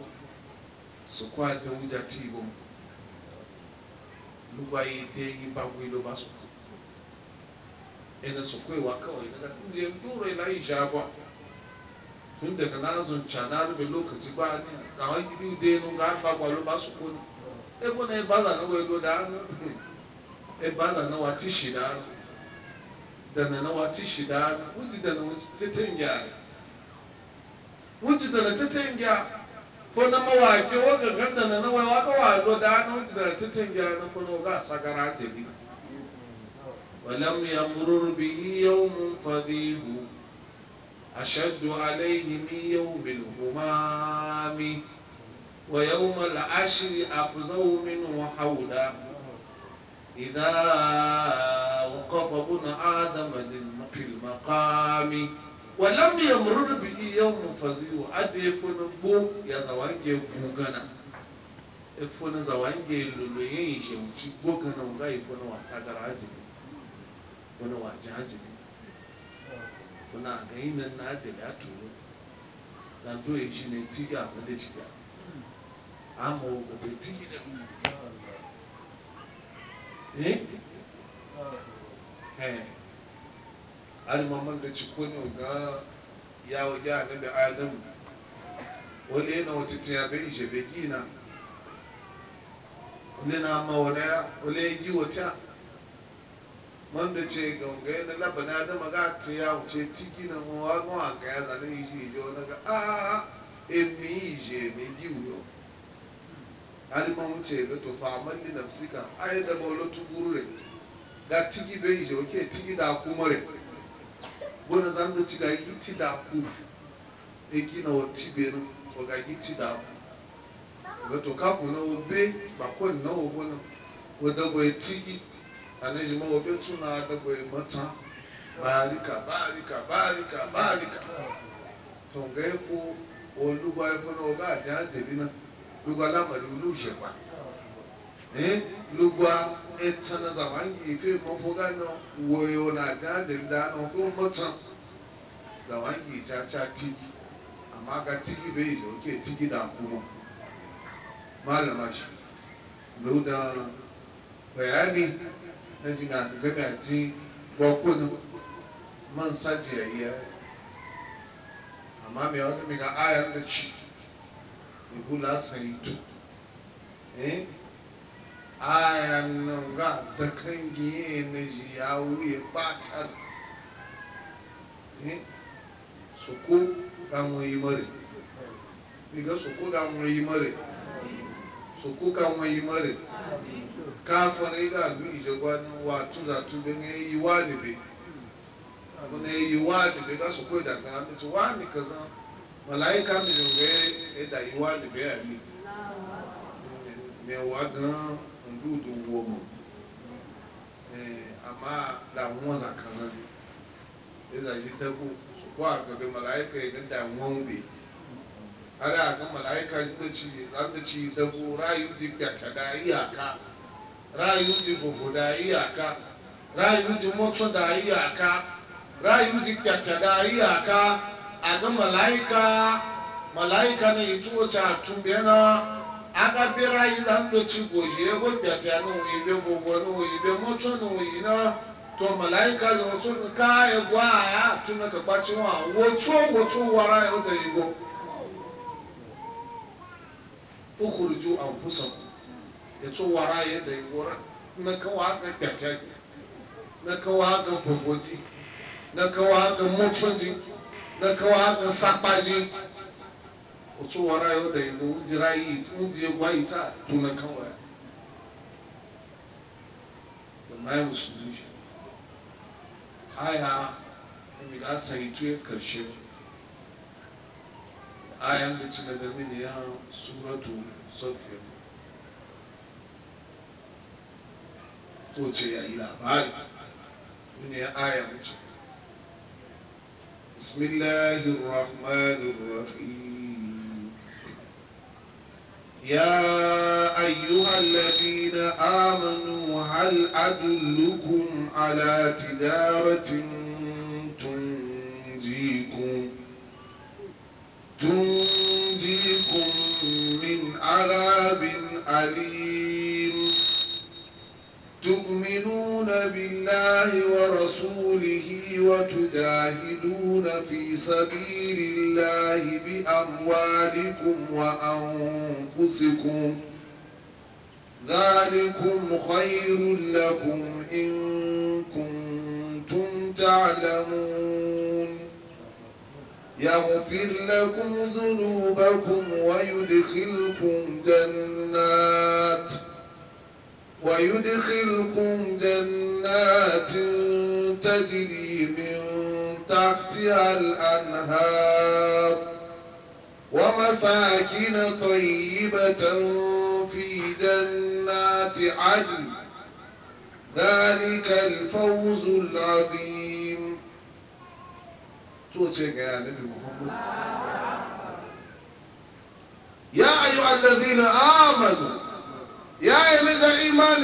su kwa da wuja ti mu lubayitengi bagwilo basuku ina su kwewa kawai daga ɗin dora ina yi shagwa tun daga nazun cana rube lokaci ba ni a wani biyu da yanu ga ba kwalo ba su e kone e bona e baza na wego da hannu <laughs> e baza na wati shi da hannu da na na wati da hannu wuji da tete wuji ta tengiya wuji da na ta ko na mawaƙi waga ganda na na waiwa ga wado da an wuce da titin gyara na kuna ga sagara ce bi walam yamrur bihi yawmun fadhihu ashaddu alayhi min yawmil humami wa yawmal ashri afzaw minhu hawla idha وقف ابن آدم للمقام walam yamrudu bi mu faziu ade funu bo ya zawange gugana e funu zawange lulu yin shewci gugana ga ifunu wasa garaji wani wajen haji kuna ga yi nan na ajiyar e ya turu na doye shi ne a na da cikiya amma gobe tigi da eh eh har mamman da cikonu ga yawo ya na da adam wani yana wata tiyabe ishe bai gina wani na amma wani wani ya gi wata man da ce ganga yana labana adam ga ta wuce tiki na mawa mawa ga ya zane ishe ishe wani ga a ah, ah, ah, emi ishe me gi wuyo har ma wuce lutu faman ni nafsika ai da ba tukuru gurure ga tiki bai ishe wake tiki da kuma rai bona zan da ci gagi ti da ku e gina wa tibe na o gagi ti da ku ga to ka kuna o be ba ko na o bona o da boye tigi anaji ma o be tuna da boye mata barika barika barika barika to ga ko e o lugwa e fona o ga ja je bina lugwa la ma lu lu je pa eh lugwa etan na zawangi fe mafuga no woyo na jajin dano ko mutan zawangi cha cha tiki amma ga tiki bai ji oke tiki da kuma malama shi loda bayani na jina gaba ji gwakwunan man sajiya iya amma mai wani mai ga ayar da ci ibu lasarin tu eh aya nan ga da kan giye na ji ya wuye batar su ku ga mu yi mare diga su ku ga mu yi mare su ku ga mu yi mare kafin na iga alu ijegwanin wa tuzatu bin ya yi wa dibe abu na yi wa dibe ga su ku da ga mitu wa ni ka malaika mi yunwe da yi wa dibe a mi gan kudu woman eh amma damuwa zakanan ya zaki ta ku su kuwa gabe mala'ika ya ga damuwan bai ana ga mala'ika da ci zan da ci da ku rayu di da ta da iyaka rayu di bubu da iyaka rayu di motsa da iyaka rayu di da ta da iyaka a ga mala'ika mala'ika ne ya tuwo ta na. aka pera yi la ŋdɔtsi godzi ebo biatia no yi be bobo no yi be mɔtsɔ no yi na tɔ malayika le wotso no ka ego a atu ne kakpa tsi hã wotso wotso wara ya wote yi go an ju ya wotso wara ya da yi wora ne ke wa ga biatia na ne ke wa ga bobo dzi ne ke wa ga mɔtsɔ dzi ne ga sakpa dzi. otu wara yau da yabo jira yi tun je ta tuna kawai da mai musulmi shi aya mai da sai tuye karshe ayan da ci da mini ya suratu sofiyar to ce ya yi labari mini ya aya mace يا أيها الذين آمنوا هل أدلكم على تجارة تنجيكم تنجيكم من عذاب أليم تؤمنون بالله ورسوله وتجاهدون في سبيل الله بأموالكم وأنفسكم ذلكم خير لكم إن كنتم تعلمون يغفر لكم ذنوبكم ويدخلكم جنات ويدخلكم جنات تجري من تحتها الأنهار ومساكن طيبة في جنات عدن ذلك الفوز العظيم يا أيها الذين آمنوا يا إلى إيمان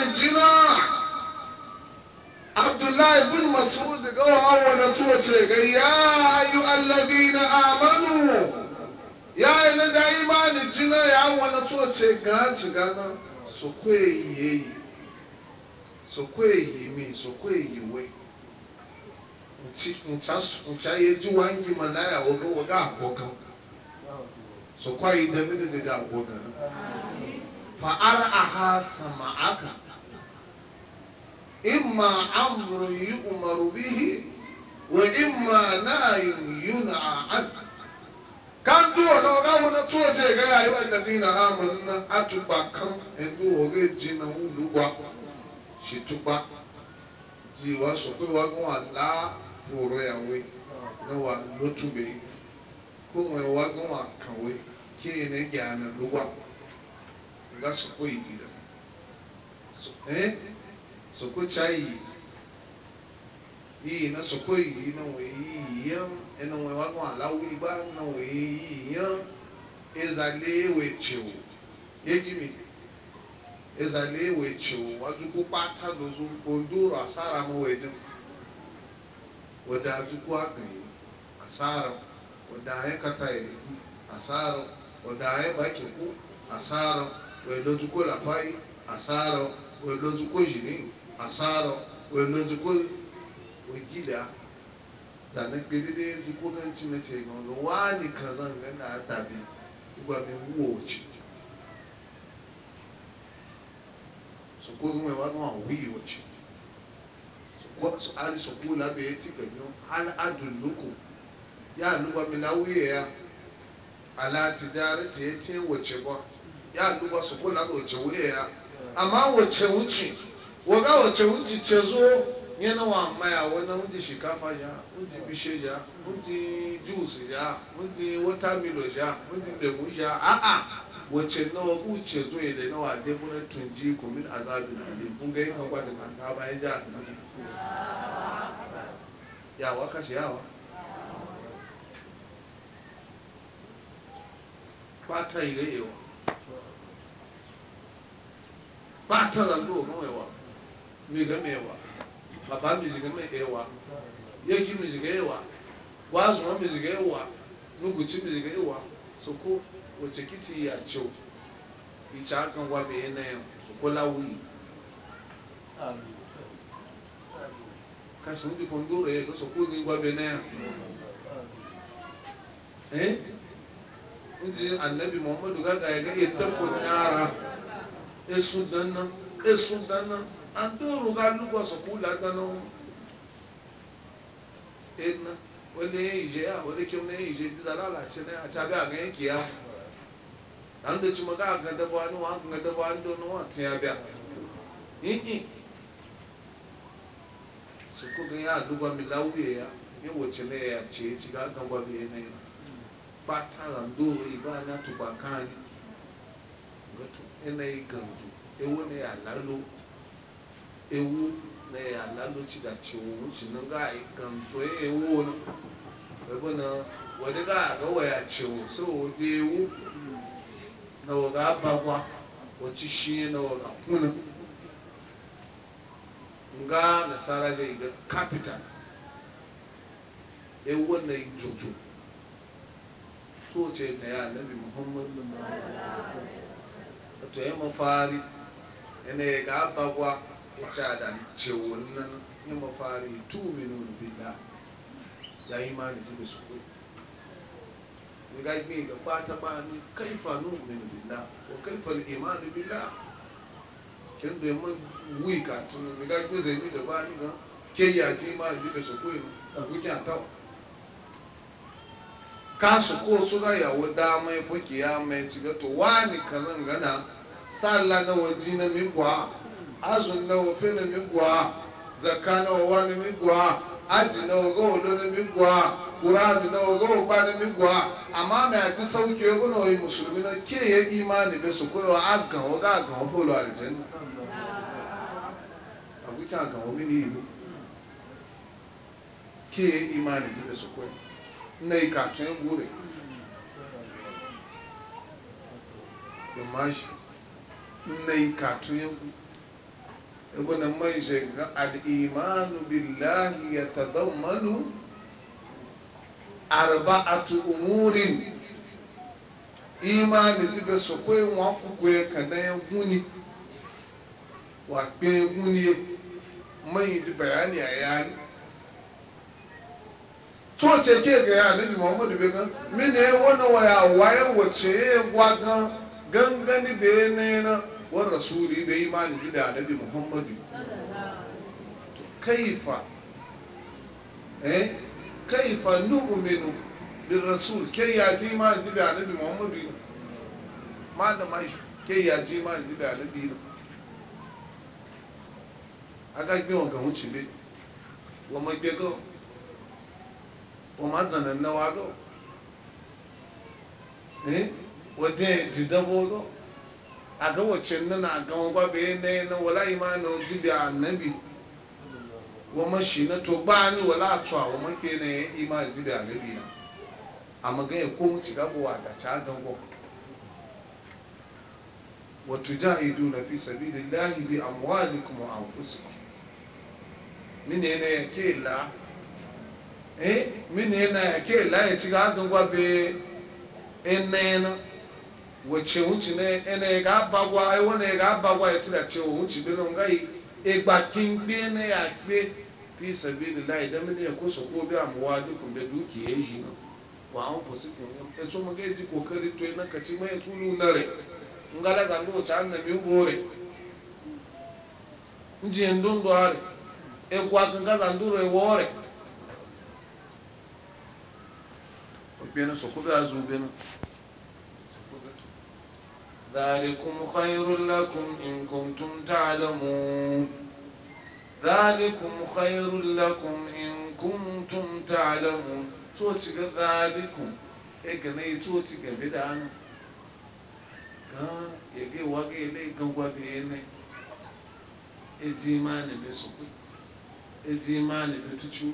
عبد الله بن مسعود قال أول ya يا أيها الذين آمنوا يا إلى إيمان الجناح أول توتشيك أنا سكوي سكوي مي سكوي وي ncayeji wangi mana ya waga waga abokan su kwayi da mini daga abokan فأرعها سمعك إما أمر يؤمر به وإما نهي ينهى عنه kan dúró na káwọn náà tó ọjọ́ ìgbé na ẹ̀dẹ̀dín náà àmọ́ na àtúgbà kan ẹ̀dùn ọ̀rẹ́ jìnnà wúlúwa ṣètúpa jí wá sọ pé wá gún àlá òòrọ̀ ìyàwó náà wà lótúbẹ̀ kó wọn wá gún àkànwé kí ẹ̀yìn ẹ̀gẹ̀ àná ló wà. ga soko yi gida não soko chai yi na soko yi na we yi yan ena we wa gwa la wi ba na we yi yan ezale we chewo yejimi ezale we chewo waju ko pata lozu onduro asara mo we a wada é o da agan asara wada ya kata yi asara wada ya baki wailochukua lapai asaro wailochukua jini asaro wailochukua wajida sannan gidi ne zukunanci na ce ga wani wani ka zan gana tabi ba mai wuwa wuce su ko mai wani ma wuyi wuce su ari su kula ah, bai ya ci ganyo hal adun luku ya luba mila wuye ya ala tijarata ya ce wace ba ya duba su kula ga wace wuya ya amma wace wuce waga wace wuce ce zo yana wa maya wani wuce shikafa ya wuce bishe ya wuce juice ya wuce watermelon ya wuce lemu ya a'a wace nawa wuce zo ya da nawa dai kuna tunji kumin azabin alim kun ga yin kagwa da kanta bayan ja yawa kashe yawa fata yi ga yawa ba ta zango ga mai wa mi ga mai wa papa mi ziga mai ewa yegi mi ziga ewa wazuma mi ziga ewa nuguci mi ziga ewa so ko wace kiti ya ciwo ita hakan wa mai yanayin su ko lawuyi kasu ndi kondoro ya ga so ko gwa mai yanayin eh kuje annabi muhammadu gaga ya e e ga ita ko nyara. esu dana esu dana an ru ga lugwa su kula dana e edna wani ya je ya wani kyau na ya ije ji la ce na a ga ga ganyen ya. an da ci maga a gada ba wani wa gada ba wani don wa tun ya biya su kuka ya lugwa mi lauye ya yi wace ne ya ce ci ga gaba biya na yana bata ba ibana tubakani gato yi gandu ewu ne ya lalo ewu na ya lalo ci da ci wuce nan ga yi gandu ya ewu wani ebe na wani ga ga waya ci wu so wani ewu na waga bagwa wacce shi na ga kuna nga nasara je ga capital ewu na yi jojo toce na ya annabi muhammadu to ya mafari yana ya ga abagwa ya ce da cewa nan ya mafari tu minu bila ya yi ma ji da su kuri ya ga gbe ga kwata ba ni kaifa nu minu bila ko kaifa imanu bila kin da yamma wuyi ka tunu ya ga gbe zai ni da ba ni ga ke ji ma ji da su kuri a gukin tawa kasu ko su ga yawo damai ya fuki ya mai ci wa ni kazan gana sallah na waji na migwa azun na wafe na migwa zakka na wawa na migwa aji na waga wado na migwa kurabi na waga waba na migwa amma mai ati sauke ya guna wai musulmi na ke ya imani bai su koyo agan waga agan wafolo aljanna a gukin agan wani ne ke ya imani bai su koyo na yi katon gure yammashi na yi katon ya gure ibu na mai shiga al'imanu billahi ya ta zaumanu arba'atu umurin imani zibe so ko ye wọn kuku ye kana huni wa kpe huni ye mayi di bayani a yaani tó tse kéèké yà níbi muhammadu bẹ gan mí ni wọnà wàyà wáyé wòtsé wá gan gangan níbi nínú wọn rasuli bẹ yí máa nìyí dà níbi muhammadu kẹyìfà ẹ kẹyìfà nùgbùmínú bí rasul kéyà tí máa nìyí dà níbi muhammadu yìí máa dà máa kéyà tí máa nìyí dà níbi yìí agagbé wọn gàwọn tsi bẹ wọn mẹgbẹ gan. wọ́n máa tàn náà náwó agọ́ wọ́n dín dídánwó lọ agawacin nana gawan gwabe na yana eh? wala imanin jibi annabi wa mashi na to ba ni wala tsuwa wa mafi na ya imanin jibi annabi na a magana ko mu wa gowa da ta dango wa tujahidu na fi sabilillahi bi amwalikum wa anfusikum mine ne yake la eh mini na ya ke laye ci ga adun gwabe enena wace wuce ne ene e ga abagwa ai e wani ga abagwa ya e tira ce wuce bi non gai egba kin gbe ne ya gbe fi sabilillah idan mini ko so ko bi amuwa dukun be dukiye shi no wa an ko su kun e so mun ga ji kokari to ina ka ci mai tulu nare ngala ga ndo cha na mi gore nji ndundu are e kwa ga ga nduru e wore Za aje kumukairu lakum in kum tum ta da mu, za aje kumukairu in kum tum ta ci ga za aje kum, ega ci ga bi da anu, gan yake wake yi dai gangwa bene, e ji ma ne ne sukwi, e ji ma ne petir kyau.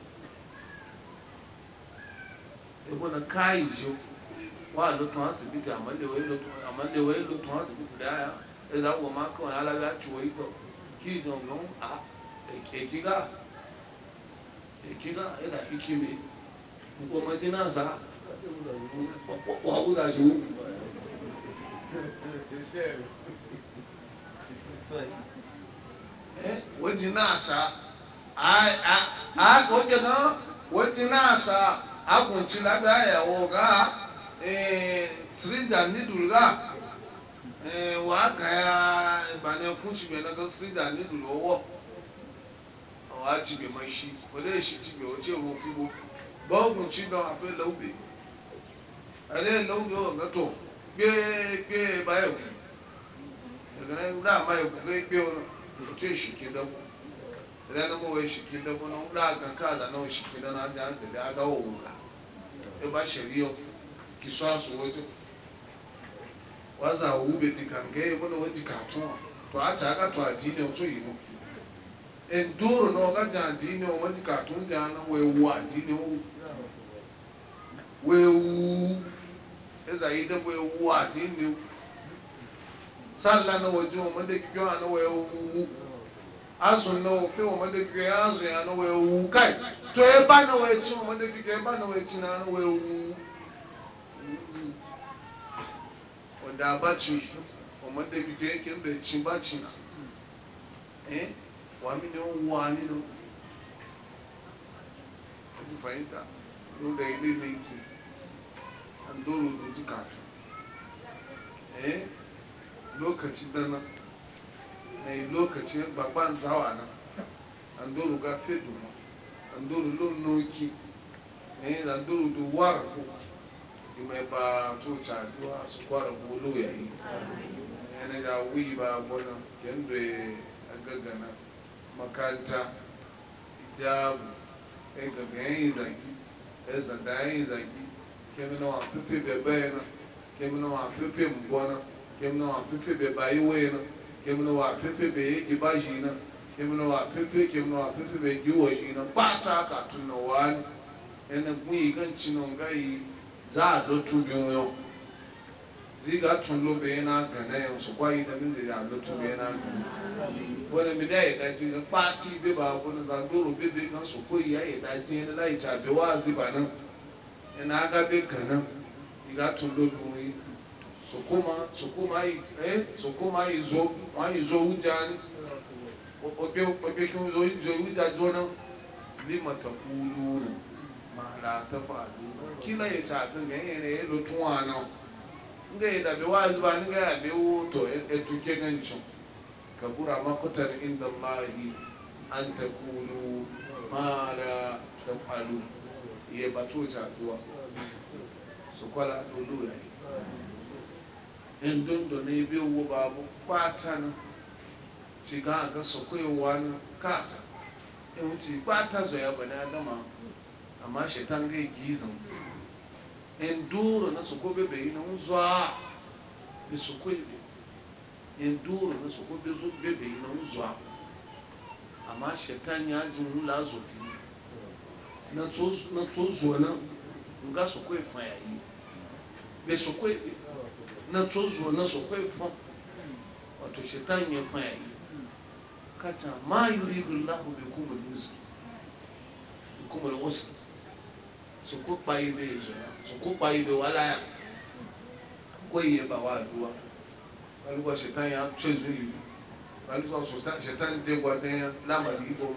ibona kai jo wa lo tun asibiti amande we lo tun lo tun asibiti da ya e da wo ma ko ala ga ki don don a e, e ki ga e ki ga e da ki ki ko ma ti na sa wa da ju ti eh, a sa akùnci lábẹ́ àyẹ̀wò ọ̀gá sírìjà nídùú gá wà á kà ya ìbànú ẹkún ṣì bẹ̀rẹ̀ lọ́kọ́ sírìjà nídùú lọ́wọ́ ọ̀ á ti bẹ̀ mọ́ ṣí wọlé ìṣí ti bẹ̀ ọtí òwò fíwo bọ́ọ̀gùn ṣí lọ àfẹ́ lọ́wọ́ ẹ̀rẹ́ lọ́wọ́ ọ̀gá tó gbé gbé báyẹ̀kù ẹ̀gbẹ́n náà máa yẹ̀kù gbé gbé ọtí ìṣìkì dọ́wọ́. ìlànà mọ̀ wọ́n ṣìkì dọ́gbọ́n náà ndị gan káàdà náà ṣìkì dọ́nà ájá àgbẹ̀dẹ̀ agáwò wùgà ẹ bá ṣẹ̀rí ọ kì sọ àsùnwó tó wọ́n ti kà tún ọ tó ọ wọ́n ti kà tún jà náà ndị ewu àdí ni ó wọ́n wee wuu ewu azụ na ofe omadegige ya azụ ya na wee wu kai to ebe a na wee chi omadegige ebe a na wee chi na anụ wee wu ọda abachi omadegige ke mbe chi bachi na eh wa ne ani no fahimta no da yi ne ki an doro rubutu kafin eh lokaci dana na yi lokacin babban zawa nan an doro ga fedu ma an doro lon noki eh an doro da wara ko yi mai ba to ta duwa su kwara bolo ya yi yana da wuyi ba gona yadda ya gaggana makanta ijabu ya gaga yayin zagi ya zanda yayin zagi kemina wa fefe bai bayana kemina wa fefe mbona kemina wa fefe bai bayi wayana kemnowa pepe be di ba jina kemnowa pepe kemnowa pepe be di wa jina ba ta ka tunna wani ene gun yi kan nga yi za a do tu yau, yo ziga tun lo be na gana yau, so kwa yi da min da do tu be na wani mi dai da ji ba ti be ba ko na zanduru be be kan so ko ya yi da ji ne lai ta be wa ba nan ina ga be kana iga tun lo bi sọkó máa yìí zo wújà ní ọgbẹ́ zo zo lima ta la ta eh, nga da bewa zuwa nga ya e, e kabura makutar inda Allahi an ta kulu ta ya ta su kwala ne in dondo na ibe wo babu kwata na a ga ga su koyowa na kasa in wuce kwata zoya ba na gama amma shaitan gai gizan in duro na su kobe bai na zuwa bi su koyowa in duro na su kobe bai na zuwa amma shaitan ya ji mula zofi na tso tozuwa na ga su koyi fayayi bai su koyi na tsozo na sokwai fam wato shaitan ya fayayi kata ma yuri dullahu bi kuma yusri bi kuma wasu su ko kpayi bai zura su ko kpayi bai walaya akwai ya ba wa aduwa kaluwa shaitan ya tsozo yi kaluwa shaitan dai gwadon ya lamari ibo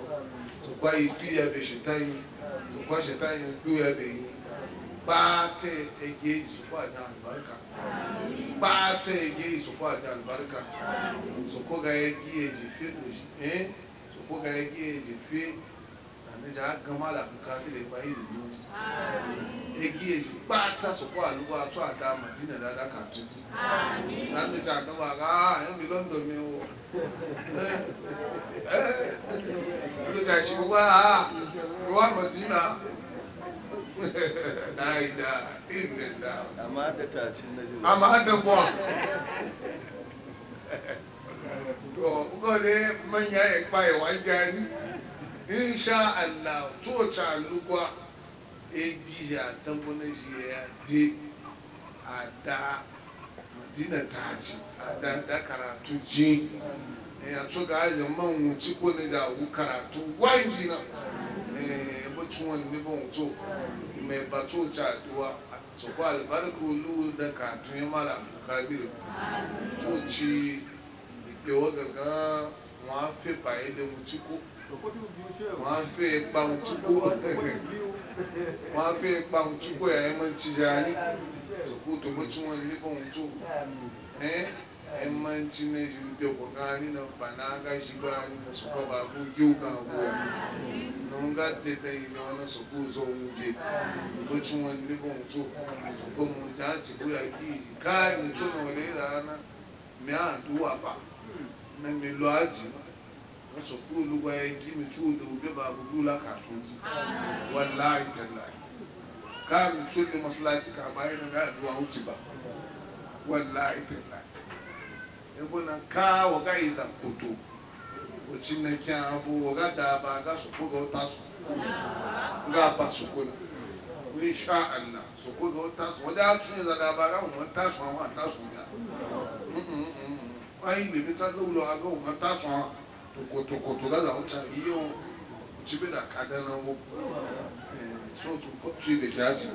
su kwayi fiya bai shaitan yi su kwa shaitan ya fiya yi bata ege isokwa aja albarka bata ege isokwa aja albarka soko ga eji eji fe oji ga egi eji fe àmì jà gánmà làbùkà a iri bá ìlú mú egi èjì pátá sọ̀kọ́ ada tó àdá ada dáadáa kà tó kú láti jà gánmà rà ẹ̀yọ́ mi lọ́ndọ̀ mi wò ẹ́ ẹ́ ẹ́ ẹ́ ẹ́ a har da buwa to gole manya ya kwaye ya ya a da ta ci a da da karatu ji ya da karatu wangina eh mai batu catuwa su kwa albarku lu da katun mara kabiru to ci ìpèwọ́ gangan wọ́n á fẹ́ bàyẹ́ léwu tí kú wọ́n á fẹ́ ipa tí kú wọ́n á fẹ́ ipa tí kú ẹ̀yẹ́ mọ́ ti yára ní sòkú tòmọ́tí wọn níbọn tó ẹ́ yammanci na shi da kokari na bana ga shi ba ni da su kwaba ku yau ka goya non ga te ta yi na wani su ku zo wuje lokacin wani ko mutu su ko mu ta ci ku ya ki ka ni so na wani rana mi a duwa ba na mi lo aji na su ku lu ga ya ki mi tu da ube ba bu la ka tun wallahi tallahi ka mi tu da masallaci ka ba ina ga duwa wuce ba wallahi tallahi na ka waga iza kutu chineke abu waga da ba ga su ko ga wata su ga ba su ko in sha Allah su ko ga wata su wajen su ne da ba ga wani ta su wa ta su ga ai bi bi ta lulo aga wani ta su wa to ko to ko to ga da wuta iyo ci bi da kada na mu eh, so to ko ci da jaji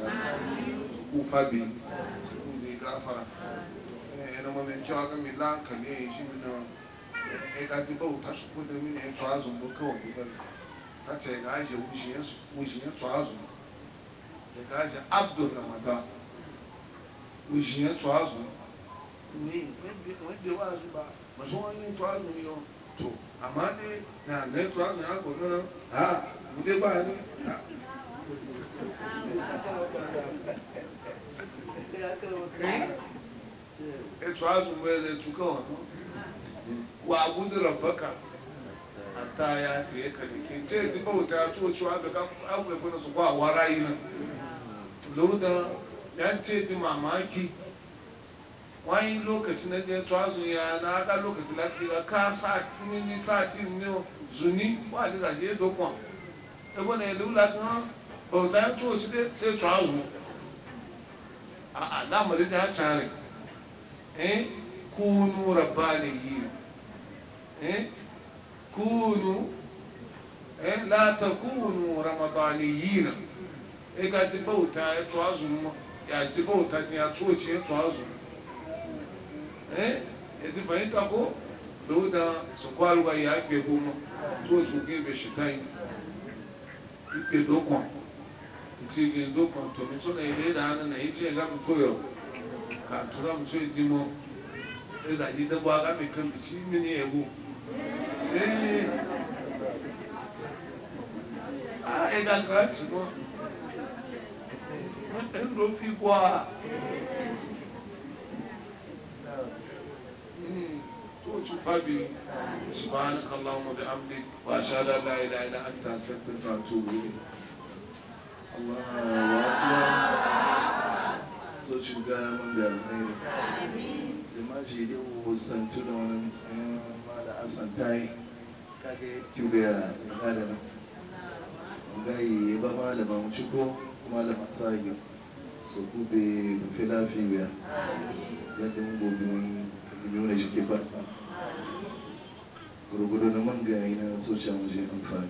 ku fa bi ku ji gafara na mana cewa ga mai lankali ya yi shi mina ya gaji bauta su kudu mini ya tsawa zumbu kawai gudun ta ce ga aje wujin ya tsawa zumbu ya ga aje abdul ramadan wujin ya tsawa zumbu ne wanda wa su ba masu wani tsawa zumbu yau to amma ne na na tsawa zumbu ya gwada nan ha mutu ba ne ha etu azụ eze etuka ọnụ wa abudu rabbaka hatta ya tie ka dike ce duk ya ci wacewa na Awara kwa wara yi nan da ya ce di mamaki wani lokaci na je ya na aka lokaci lati ga ka sa mini sati zuni wa edo Ebe na ha ya a alamari hein? Kunu rabbaniyin. Hein? Kunu hein? La takunu ramadaniyin. E ga ti bauta ya tso azuma. Ya ti bauta ni ya tso ce ya tso azuma. Hein? Ya ti fahimta ko? Dauda su kwaruwa ya ke que Tso su gebe shi ta yi. Ike dokon. Ike dokon. To mutum na ile da hannun na yi ce ga mutum ka turam so jimo da ji da ba ga me kan shi mini ego eh ah e ga ka shi mo en do fi kwa توتي بابي سبحانك اللهم وبحمدك واشهد ان لا اله الا انت استغفرك واتوب اليك الله اكبر so shiga mun da alkhairi jama'a shi da wasantu da wani ma da asan tayi kage tubiya da zalala ngai ba malaman ciko malaman sagi so kube filafi biya yadda mun gobe mun nuna shi ke barka gurgudu na man gani na socia mace amfani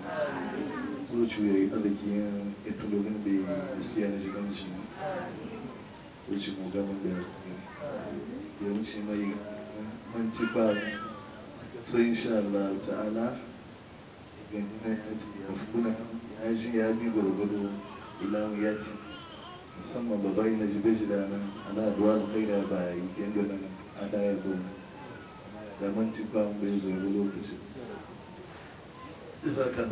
so ciwo ya yi tsarki da ya siya na shigan shi which will govern their mai mantiba so insha ya bi gwargwado ilamu ya na da kai da ba yi yadda lokaci isa ka